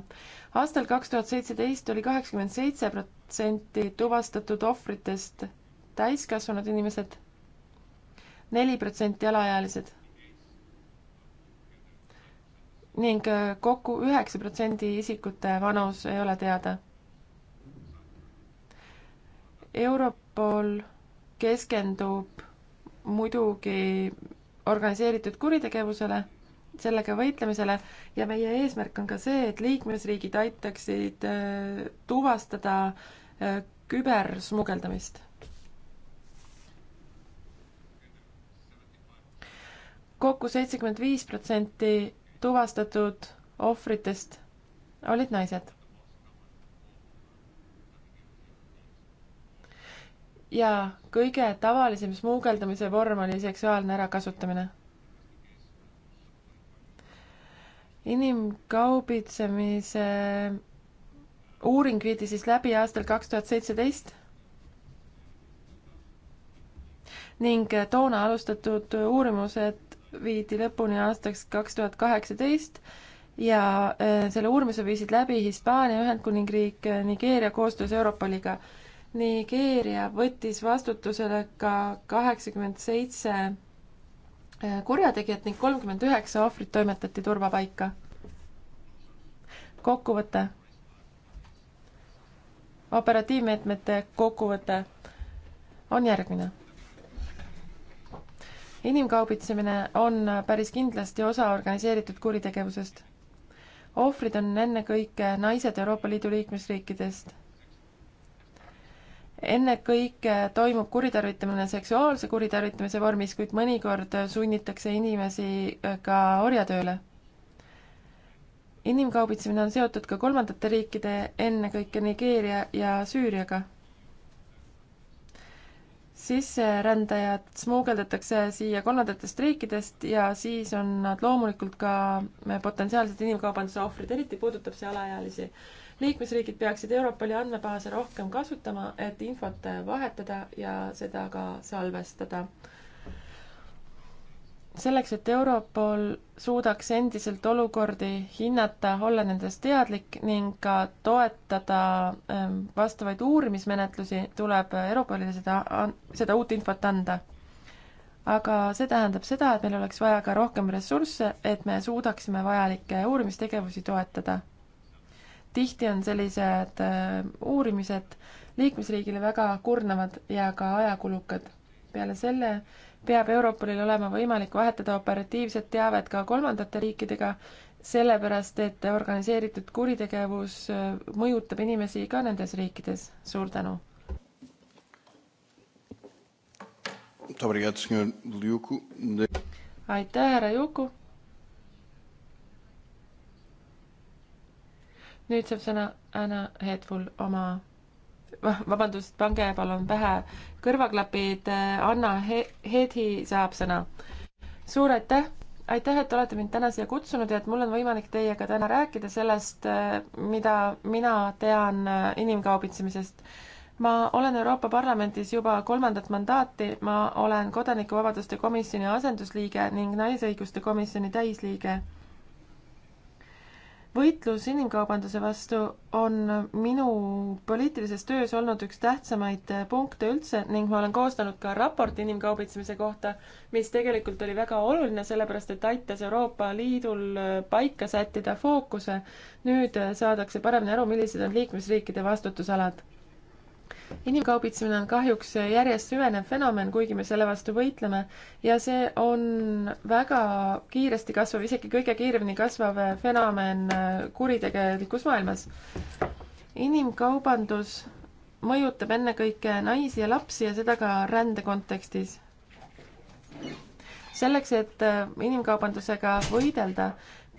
aastal kaks tuhat seitseteist oli kaheksakümmend seitse protsenti tuvastatud ohvritest täiskasvanud inimesed, neli protsenti alaealised ning kokku üheksa protsendi isikute vanus ei ole teada. Europol keskendub muidugi organiseeritud kuritegevusele, sellega võitlemisele ja meie eesmärk on ka see, et liikmesriigid aitaksid äh, tuvastada äh, kübersmugeldamist. kokku seitsekümmend viis protsenti tuvastatud ohvritest olid naised ja kõige tavalisem smuugeldamise vorm oli seksuaalne ärakasutamine. inimkaubitsemise uuring viidi siis läbi aastal kaks tuhat seitseteist ning toona alustatud uurimused viidi lõpuni aastaks kaks tuhat kaheksateist ja äh, selle uurimise viisid läbi Hispaania, Ühendkuningriik, Nigeeria koostöös Europoliga Nigeeria võttis vastutusele ka kaheksakümmend seitse äh, kurjategijat ning kolmkümmend üheksa ohvrit toimetati turvapaika. kokkuvõte. operatiivmeetmete kokkuvõte on järgmine. inimkaubitsemine on päris kindlasti osa organiseeritud kuritegevusest. ohvrid on ennekõike naised Euroopa Liidu liikmesriikidest ennekõike toimub kuritarvitamine seksuaalse kuritarvitamise vormis, kuid mõnikord sunnitakse inimesi äh, ka orjatööle. inimkaubitsemine on seotud ka kolmandate riikide, ennekõike Nigeeria ja Süüriaga. sisserändajad smuugeldatakse siia kolmandatest riikidest ja siis on nad loomulikult ka äh, potentsiaalsed inimkaubanduse ohvrid, eriti puudutab see alaealisi liikmesriigid peaksid Europoli andmebaase rohkem kasutama, et infot vahetada ja seda ka salvestada. selleks, et Europol suudaks endiselt olukordi hinnata, olla nendest teadlik ning ka toetada ähm, vastavaid uurimismenetlusi, tuleb Europolile seda, seda uut infot anda aga see tähendab seda, et meil oleks vaja ka rohkem ressursse, et me suudaksime vajalikke uurimistegevusi toetada tihti on sellised äh, uurimised liikmesriigile väga kurnavad ja ka ajakulukad. peale selle peab Europolil olema võimalik vahetada operatiivset teavet ka kolmandate riikidega, sellepärast et organiseeritud kuritegevus äh, mõjutab inimesi ka nendes riikides. suur tänu! aitäh, härra Juku! nüüd saab sõna Anna Hetful oma vabandust, pange palun pähe kõrvaklapid, Anna He-, Hedi saab sõna. suur aitäh, aitäh, et olete mind täna siia kutsunud ja et mul on võimalik teiega täna rääkida sellest, mida mina tean inimkaubitsemisest. ma olen Euroopa Parlamendis juba kolmandat mandaati, ma olen Kodanikuvabaduste Komisjoni asendusliige ning Naisõiguste Komisjoni täisliige võitlus inimkaubanduse vastu on minu poliitilises töös olnud üks tähtsamaid punkte üldse ning ma olen koostanud ka raporti inimkaubitsemise kohta, mis tegelikult oli väga oluline, sellepärast et aitas Euroopa Liidul paika sättida fookuse. nüüd saadakse paremini aru, millised on liikmesriikide vastutusalad inimkaubitsemine on kahjuks järjest süvenev fenomen, kuigi me selle vastu võitleme ja see on väga kiiresti kasvav, isegi kõige kiiremini kasvav fenomen kuritegelikus maailmas. inimkaubandus mõjutab ennekõike naisi ja lapsi ja seda ka rände kontekstis. selleks, et inimkaubandusega võidelda,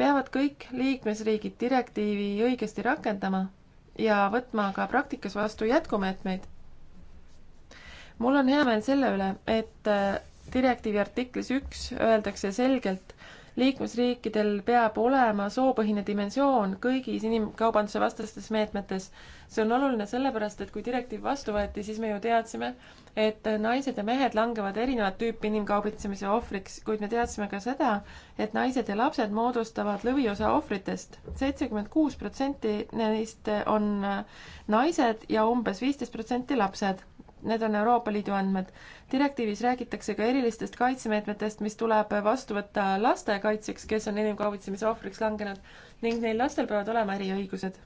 peavad kõik liikmesriigid direktiivi õigesti rakendama ja võtma ka praktikas vastu jätkumeetmeid. mul on hea meel selle üle, et äh, direktiivi artiklis üks öeldakse selgelt, liikmesriikidel peab olema soopõhine dimensioon kõigis inimkaubanduse vastastes meetmetes see on oluline sellepärast, et kui direktiiv vastu võeti, siis me ju teadsime, et naised ja mehed langevad erinevat tüüpi inimkaubitsemise ohvriks, kuid me teadsime ka seda, et naised ja lapsed moodustavad lõviosa ohvritest. seitsekümmend kuus protsenti neist on naised ja umbes viisteist protsenti lapsed. Need on Euroopa Liidu andmed. direktiivis räägitakse ka erilistest kaitsemeetmetest, mis tuleb vastu võtta laste kaitseks, kes on inimkaubitsemise ohvriks langenud ning neil lastel peavad olema eriõigused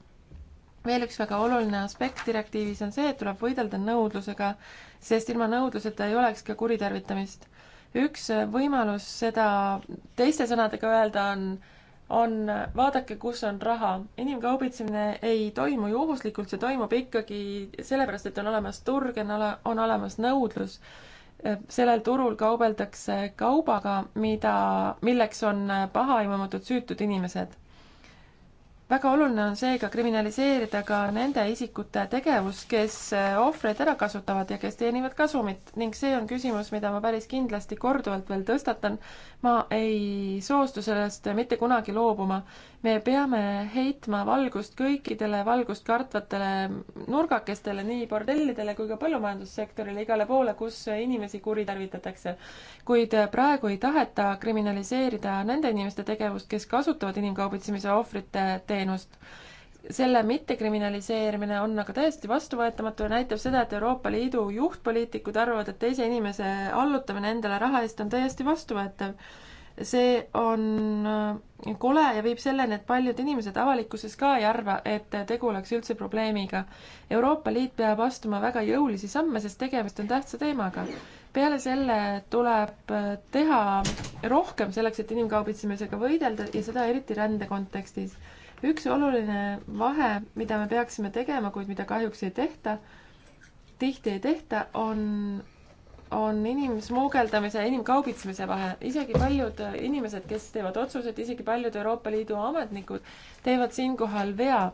veel üks väga oluline aspekt direktiivis on see, et tuleb võidelda nõudlusega, sest ilma nõudluseta ei oleks ka kuritarvitamist. üks võimalus seda teiste sõnadega öelda on, on vaadake, kus on raha. inimkaubitsemine ei toimu juhuslikult, see toimub ikkagi sellepärast, et on olemas turg, on ole-, on olemas nõudlus. sellel turul kaubeldakse kaubaga, mida, milleks on pahaaimamatud süütud inimesed väga oluline on seega kriminaliseerida ka nende isikute tegevus, kes eh, ohvreid ära kasutavad ja kes teenivad kasumit ning see on küsimus, mida ma päris kindlasti korduvalt veel tõstatan, ma ei soostu sellest mitte kunagi loobuma. me peame heitma valgust kõikidele valgust kartvatele nurgakestele, nii bordellidele kui ka põllumajandussektorile, igale poole, kus inimesi kuritarvitatakse. kuid praegu ei taheta kriminaliseerida nende inimeste tegevust, kes kasutavad inimkaubitsemise ohvrite teenust selle mittekriminaliseerimine on aga täiesti vastuvõetamatu ja näitab seda, et Euroopa Liidu juhtpoliitikud arvavad, et teise inimese allutamine endale raha eest on täiesti vastuvõetav. see on äh, kole ja viib selleni, et paljud inimesed avalikkuses ka ei arva, et tegu oleks üldse probleemiga. Euroopa Liit peab astuma väga jõulisi samme, sest tegemist on tähtsa teemaga. peale selle tuleb äh, teha rohkem selleks, et inimkaubitsemisega võidelda ja seda eriti rände kontekstis üks oluline vahe, mida me peaksime tegema, kuid mida kahjuks ei tehta, tihti ei tehta, on, on inimsmuugeldamise ja inimkaubitsemise vahe. isegi paljud äh, inimesed, kes teevad otsuseid, isegi paljud Euroopa Liidu ametnikud teevad siinkohal vea.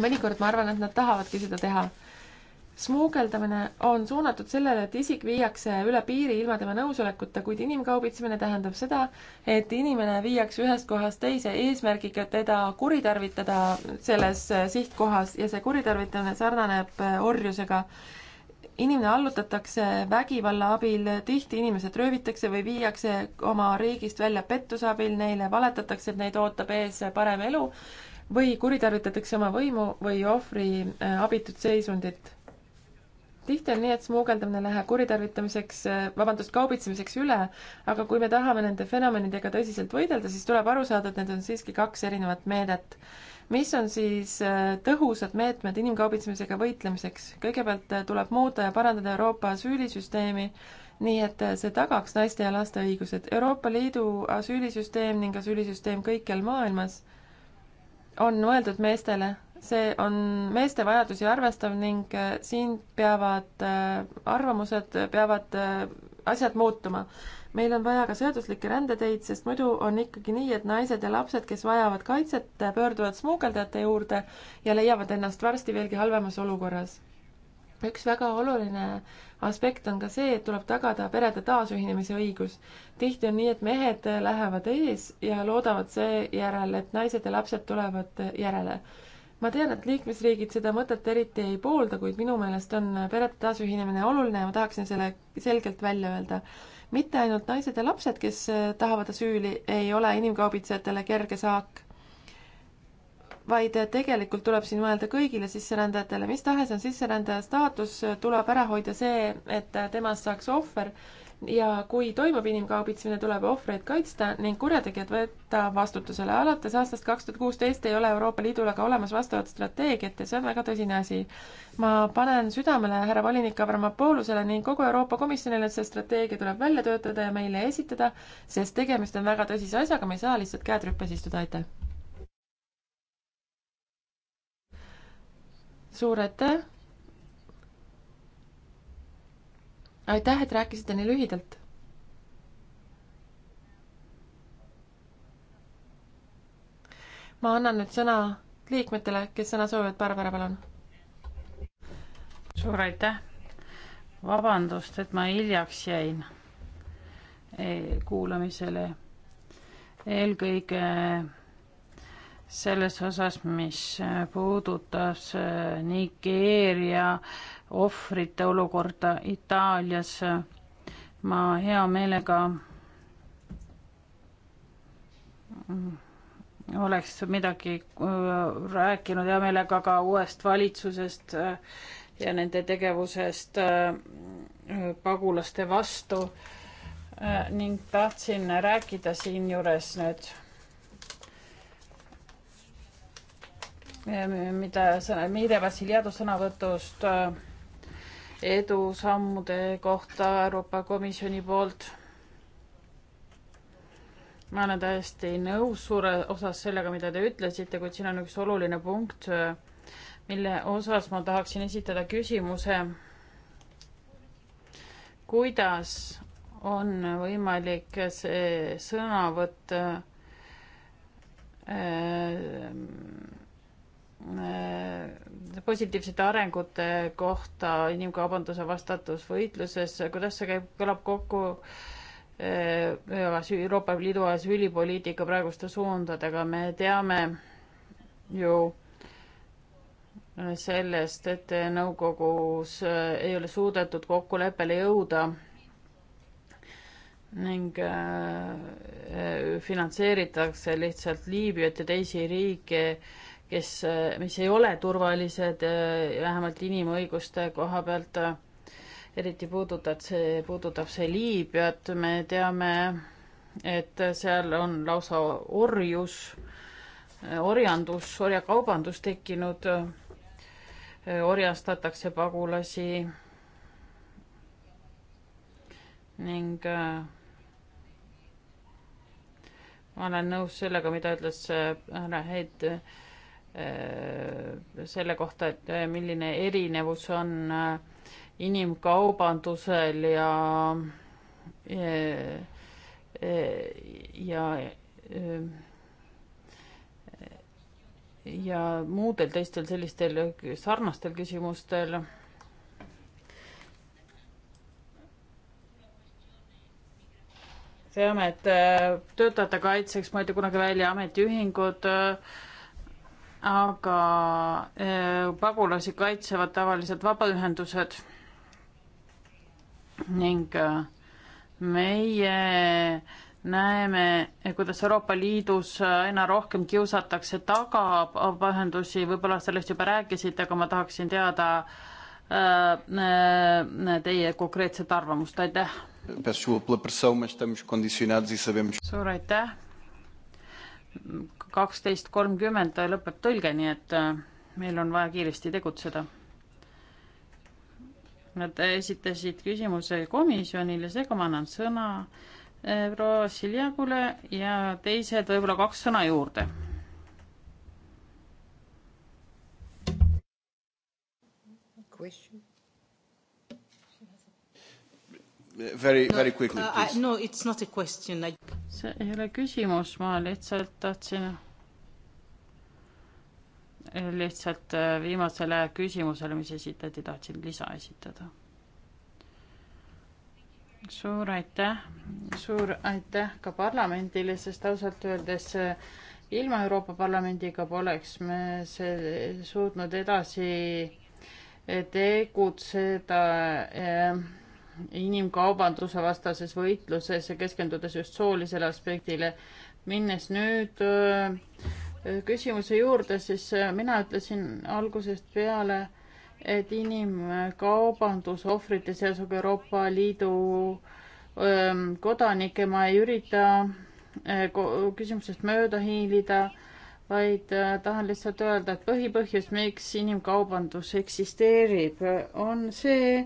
mõnikord ma arvan, et nad tahavadki seda teha smuugeldamine on suunatud sellele, et isik viiakse üle piiri ilma tema nõusolekuta, kuid inimkaubitsemine tähendab seda, et inimene viiakse ühest kohast teise eesmärgiga teda kuritarvitada selles sihtkohas ja see kuritarvitamine sarnaneb äh, orjusega inimene allutatakse vägivalla abil, tihti inimesed röövitakse või viiakse oma riigist välja pettuse abil, neile valetatakse, et neid ootab ees parem elu või kuritarvitatakse oma võimu või ohvri äh, abitut seisundit tihti on nii, et smuugeldamine läheb kuritarvitamiseks, vabandust, kaubitsemiseks üle, aga kui me tahame nende fenomenidega tõsiselt võidelda, siis tuleb aru saada, et need on siiski kaks erinevat meedet. mis on siis äh, tõhusad meetmed inimkaubitsemisega võitlemiseks? kõigepealt äh, tuleb muuta ja parandada Euroopa asüülisüsteemi, nii et äh, see tagaks naiste ja laste õigused. Euroopa Liidu asüülisüsteem ning asüülisüsteem kõikjal maailmas on mõeldud meestele see on meeste vajadusi arvestav ning äh, siin peavad äh, arvamused, peavad äh, asjad muutuma. meil on vaja ka seaduslikke rändeteid, sest muidu on ikkagi nii, et naised ja lapsed, kes vajavad kaitset, pöörduvad smuugeldajate juurde ja leiavad ennast varsti veelgi halvemas olukorras. üks väga oluline aspekt on ka see, et tuleb tagada perede taasühinemise õigus. tihti on nii, et mehed lähevad ees ja loodavad seejärel, et naised ja lapsed tulevad järele ma tean, et liikmesriigid seda mõtet eriti ei poolda, kuid minu meelest on perede taasühinemine oluline ja ma tahaksin selle selgelt välja öelda. mitte ainult naised ja lapsed, kes äh, tahavad asüüli, ei ole inimkaubitsejatele kerge saak vaid äh, tegelikult tuleb siin mõelda kõigile sisserändajatele, mis tahes on sisserändaja staatus, äh, tuleb ära hoida see, et temast saaks ohver ja kui toimub inimkaubitsemine, tuleb ohvreid kaitsta ning kurjategijad võtta vastutusele. alates aastast kaks tuhat kuusteist ei ole Euroopa Liidul aga olemas vastavat strateegiat ja see on väga tõsine asi. ma panen südamele härra volinik Avramopoulusele ning kogu Euroopa Komisjonile, et see strateegia tuleb välja töötada ja meile esitada, sest tegemist on väga tõsise asjaga, me ei saa lihtsalt käed rüppes istuda, aitäh! suur aitäh! aitäh, et rääkisite nii lühidalt. ma annan nüüd sõna liikmetele, kes sõna soovivad. Barbara, palun. suur aitäh. vabandust, et ma hiljaks jäin eh, kuulamisele. eelkõige selles osas, mis puudutas eh, Nigeeria äh, ohvrite olukorda Itaalias. ma hea meelega oleks midagi äh, rääkinud hea meelega ka uuest valitsusest äh, ja nende tegevusest äh, pagulaste vastu ning tahtsin rääkida siinjuures nüüd mida, mida Vassiljadu sõnavõtust äh, edusammude kohta Euroopa Komisjoni poolt. ma olen täiesti nõus suure osas sellega, mida te ütlesite, kuid siin on üks oluline punkt, mille osas ma tahaksin esitada küsimuse. kuidas on võimalik see sõnavõtt äh, Äh, positiivsete arengute kohta inimkaubanduse vastatus võitluses, kuidas see käib, kõlab kokku äh, Euroopa Liidu asüülipoliitika praeguste suundadega, me teame ju sellest, et nõukogus äh, ei ole suudetud kokkuleppele jõuda ning äh, finantseeritakse lihtsalt Liibüat ja teisi riike äh, kes, mis ei ole turvalised vähemalt inimõiguste koha pealt. eriti puudutab see, puudutab see Liibüat, me teame, et seal on lausa orjus, orjandus, orjakaubandus tekkinud, orjastatakse pagulasi ning ma olen nõus sellega, mida ütles härra Heid äh, Äh, selle kohta, et äh, milline erinevus on äh, inimkaubandusel ja ja ja muudel teistel sellistel sarnastel küsimustel. teame, et töötajate kaitseks mõeldi kunagi välja ametiühingud äh, aga äh, pagulasi kaitsevad tavaliselt vabaühendused ning äh, meie näeme, kuidas Euroopa Liidus aina rohkem kiusatakse taga vabaühendusi, võib-olla sellest juba rääkisite, aga ma tahaksin teada äh, teie konkreetset arvamust, aitäh. E suur aitäh kaksteist kolmkümmend lõpeb tõlge, nii et äh, meil on vaja kiiresti tegutseda. Nad esitasid küsimuse komisjonile, seega ma annan sõna äh, proua Siljakule ja teised võib-olla kaks sõna juurde. question Very no,, very quickly uh,. No, it's not a question I.... see ei ole küsimus, ma lihtsalt tahtsin, eh, lihtsalt eh, viimasele küsimusele, mis esitati, tahtsin lisa esitada. suur aitäh, suur aitäh ka parlamendile, sest ausalt öeldes eh, ilma Euroopa Parlamendiga poleks me see suutnud edasi tegutseda äh, inimkaubanduse vastases võitluses ja keskendudes just soolisele aspektile. minnes nüüd äh, küsimuse juurde, siis äh, mina ütlesin algusest peale, et inimkaubanduse ohvrite seas on ka Euroopa Liidu ähm, kodanikke, ma ei ürita äh, küsimusest mööda hiilida, vaid tahan lihtsalt öelda, et põhipõhjus, miks inimkaubandus eksisteerib, on see,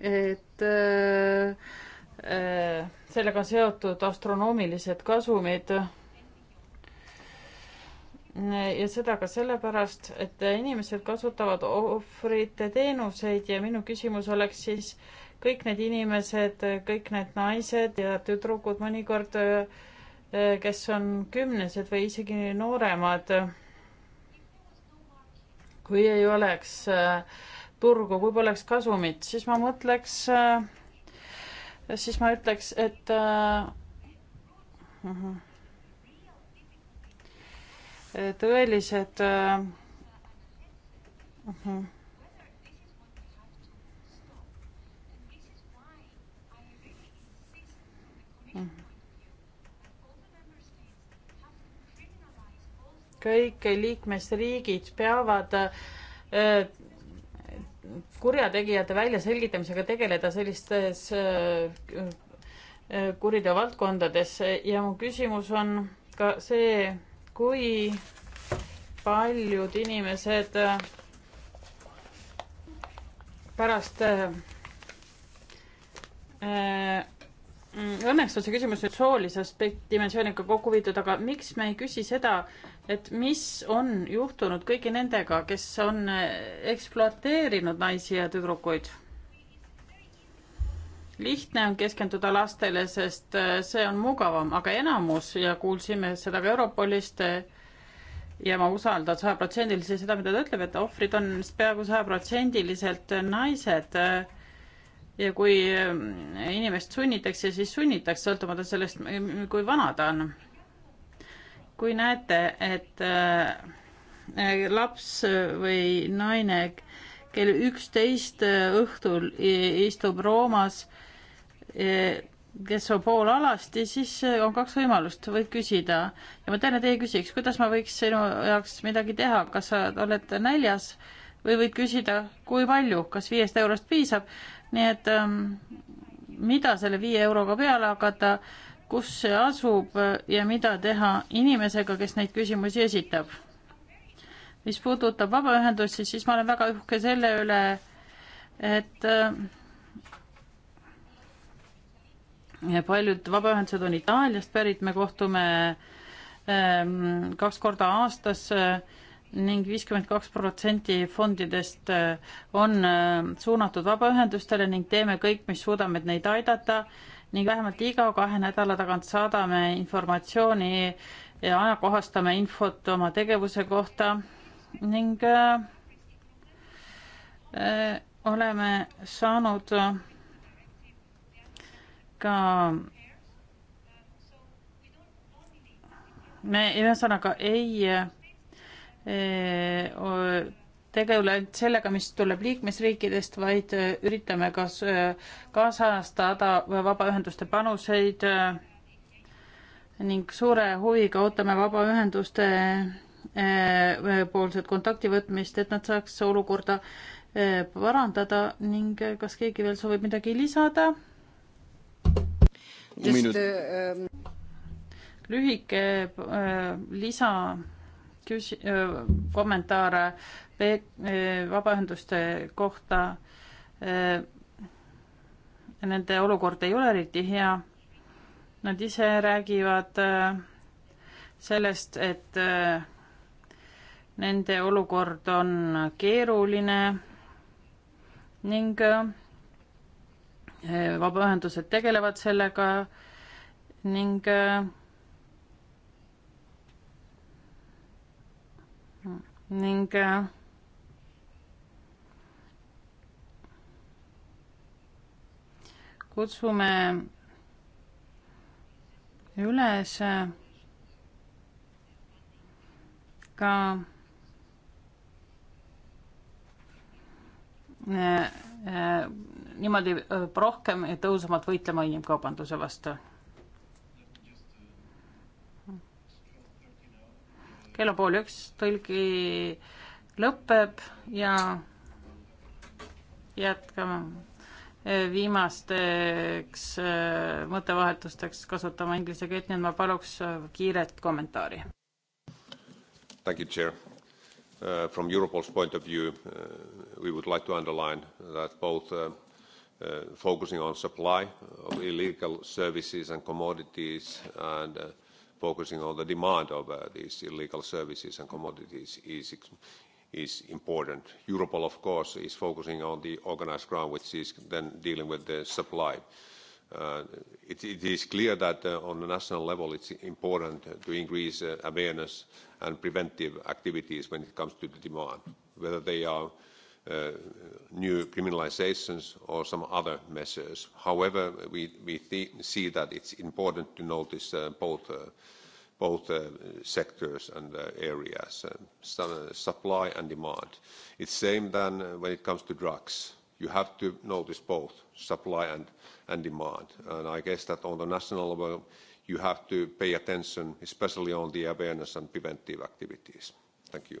et äh, äh, sellega seotud astronoomilised kasumid ja seda ka sellepärast, et inimesed kasutavad ohvrite teenuseid ja minu küsimus oleks siis, kõik need inimesed, kõik need naised ja tüdrukud mõnikord, äh, kes on kümnesed või isegi nooremad, kui ei oleks äh, turgu, kui poleks kasumit, siis ma mõtleks, siis ma ütleks, et äh, tõelised äh, uh, kõik liikmesriigid peavad kurjategijate väljaselgitamisega tegeleda sellistes äh, kuriteovaldkondades ja mu küsimus on ka see, kui paljud inimesed äh, pärast äh, äh Mm, õnneks on see küsimus nüüd soolise aspekti dimensiooniga kokku viidud, aga miks me ei küsi seda, et mis on juhtunud kõigi nendega, kes on eh, ekspluateerinud naisi ja tüdrukuid? lihtne on keskenduda lastele, sest eh, see on mugavam, aga enamus ja kuulsime seda ka Europolist eh, ja ma usaldan sajaprotsendiliselt seda, mida ta ütleb, et ohvrid on peaaegu sajaprotsendiliselt naised ja kui ähm, inimest sunnitakse, siis sunnitakse, sõltumata sellest, kui vana ta on. kui näete, et äh, äh, laps või naine kell üksteist äh, õhtul istub Roomas, kes on poolalasti, siis on kaks võimalust, võid küsida ja ma tean, et teie küsiks, kuidas ma võiks sinu jaoks midagi teha, kas sa oled näljas või võid küsida, kui palju, kas viiest eurost piisab nii et ähm, mida selle viie euroga peale hakata, kus see asub äh, ja mida teha inimesega, kes neid küsimusi esitab. mis puudutab vabaühendusi, siis ma olen väga uhke selle üle, et äh, ja paljud vabaühendused on Itaaliast pärit, me kohtume ähm, kaks korda aastas äh, ning viiskümmend kaks protsenti fondidest äh, on äh, suunatud vabaühendustele ning teeme kõik, mis suudame, et neid aidata ning vähemalt iga kahe nädala tagant saadame informatsiooni ja ajakohastame infot oma tegevuse kohta ning äh, äh oleme saanud ka me ühesõnaga ei äh, tegele sellega, mis tuleb liikmesriikidest, vaid üritame kas kaasajastada vabaühenduste panuseid ning suure huviga ootame vabaühenduste poolset kontakti võtmist, et nad saaks olukorda parandada ning kas keegi veel soovib midagi lisada? just äh, lühike äh, lisa küsi-, kommentaare vabaühenduste kohta. Nende olukord ei ole eriti hea. Nad ise räägivad sellest, et nende olukord on keeruline ning vabaühendused tegelevad sellega ning ning äh, kutsume üles äh, ka äh, niimoodi rohkem ja tõhusamalt võitlema inimkaubanduse vastu kella pool üks tõlgi lõpeb ja jätkame viimasteks äh, mõttevahetusteks kasutama inglise keelt, nii et ma paluks äh, kiiret kommentaari. Thank you, Chair. Uh, from Europol's point of view, uh, we would like to underline that both uh, uh, focusing on supply of illegal services and commodities and uh, focusing on the demand of uh, these illegal services and commodities is, is important. Europol, of course, is focusing on the organized crime, which is then dealing with the supply. Uh, it, it is clear that uh, on the national level it's important to increase uh, awareness and preventive activities when it comes to the demand, whether they are uh, uh, new criminalizations or some other measures. However, we, we th see that it's important to notice uh, both, uh, both uh, sectors and uh, areas, uh, um, some, uh, supply and demand. It's same than uh, when it comes to drugs. You have to notice both supply and, and demand. And I guess that on the national level, you have to pay attention, especially on the awareness and preventive activities. Thank you.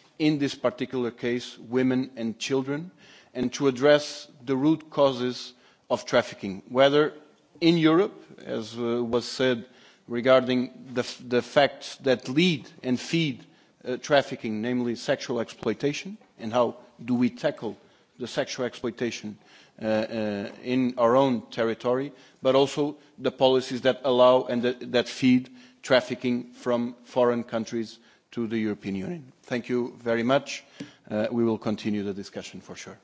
in this particular case, women and children, and to address the root causes of trafficking, whether in Europe, as uh, was said regarding the, the facts that lead and feed uh, trafficking, namely sexual exploitation, and how do we tackle the sexual exploitation uh, uh, in our own territory, but also the policies that allow and that, that feed trafficking from foreign countries to the European Union. Thank you very much. Uh, we will continue the discussion for sure.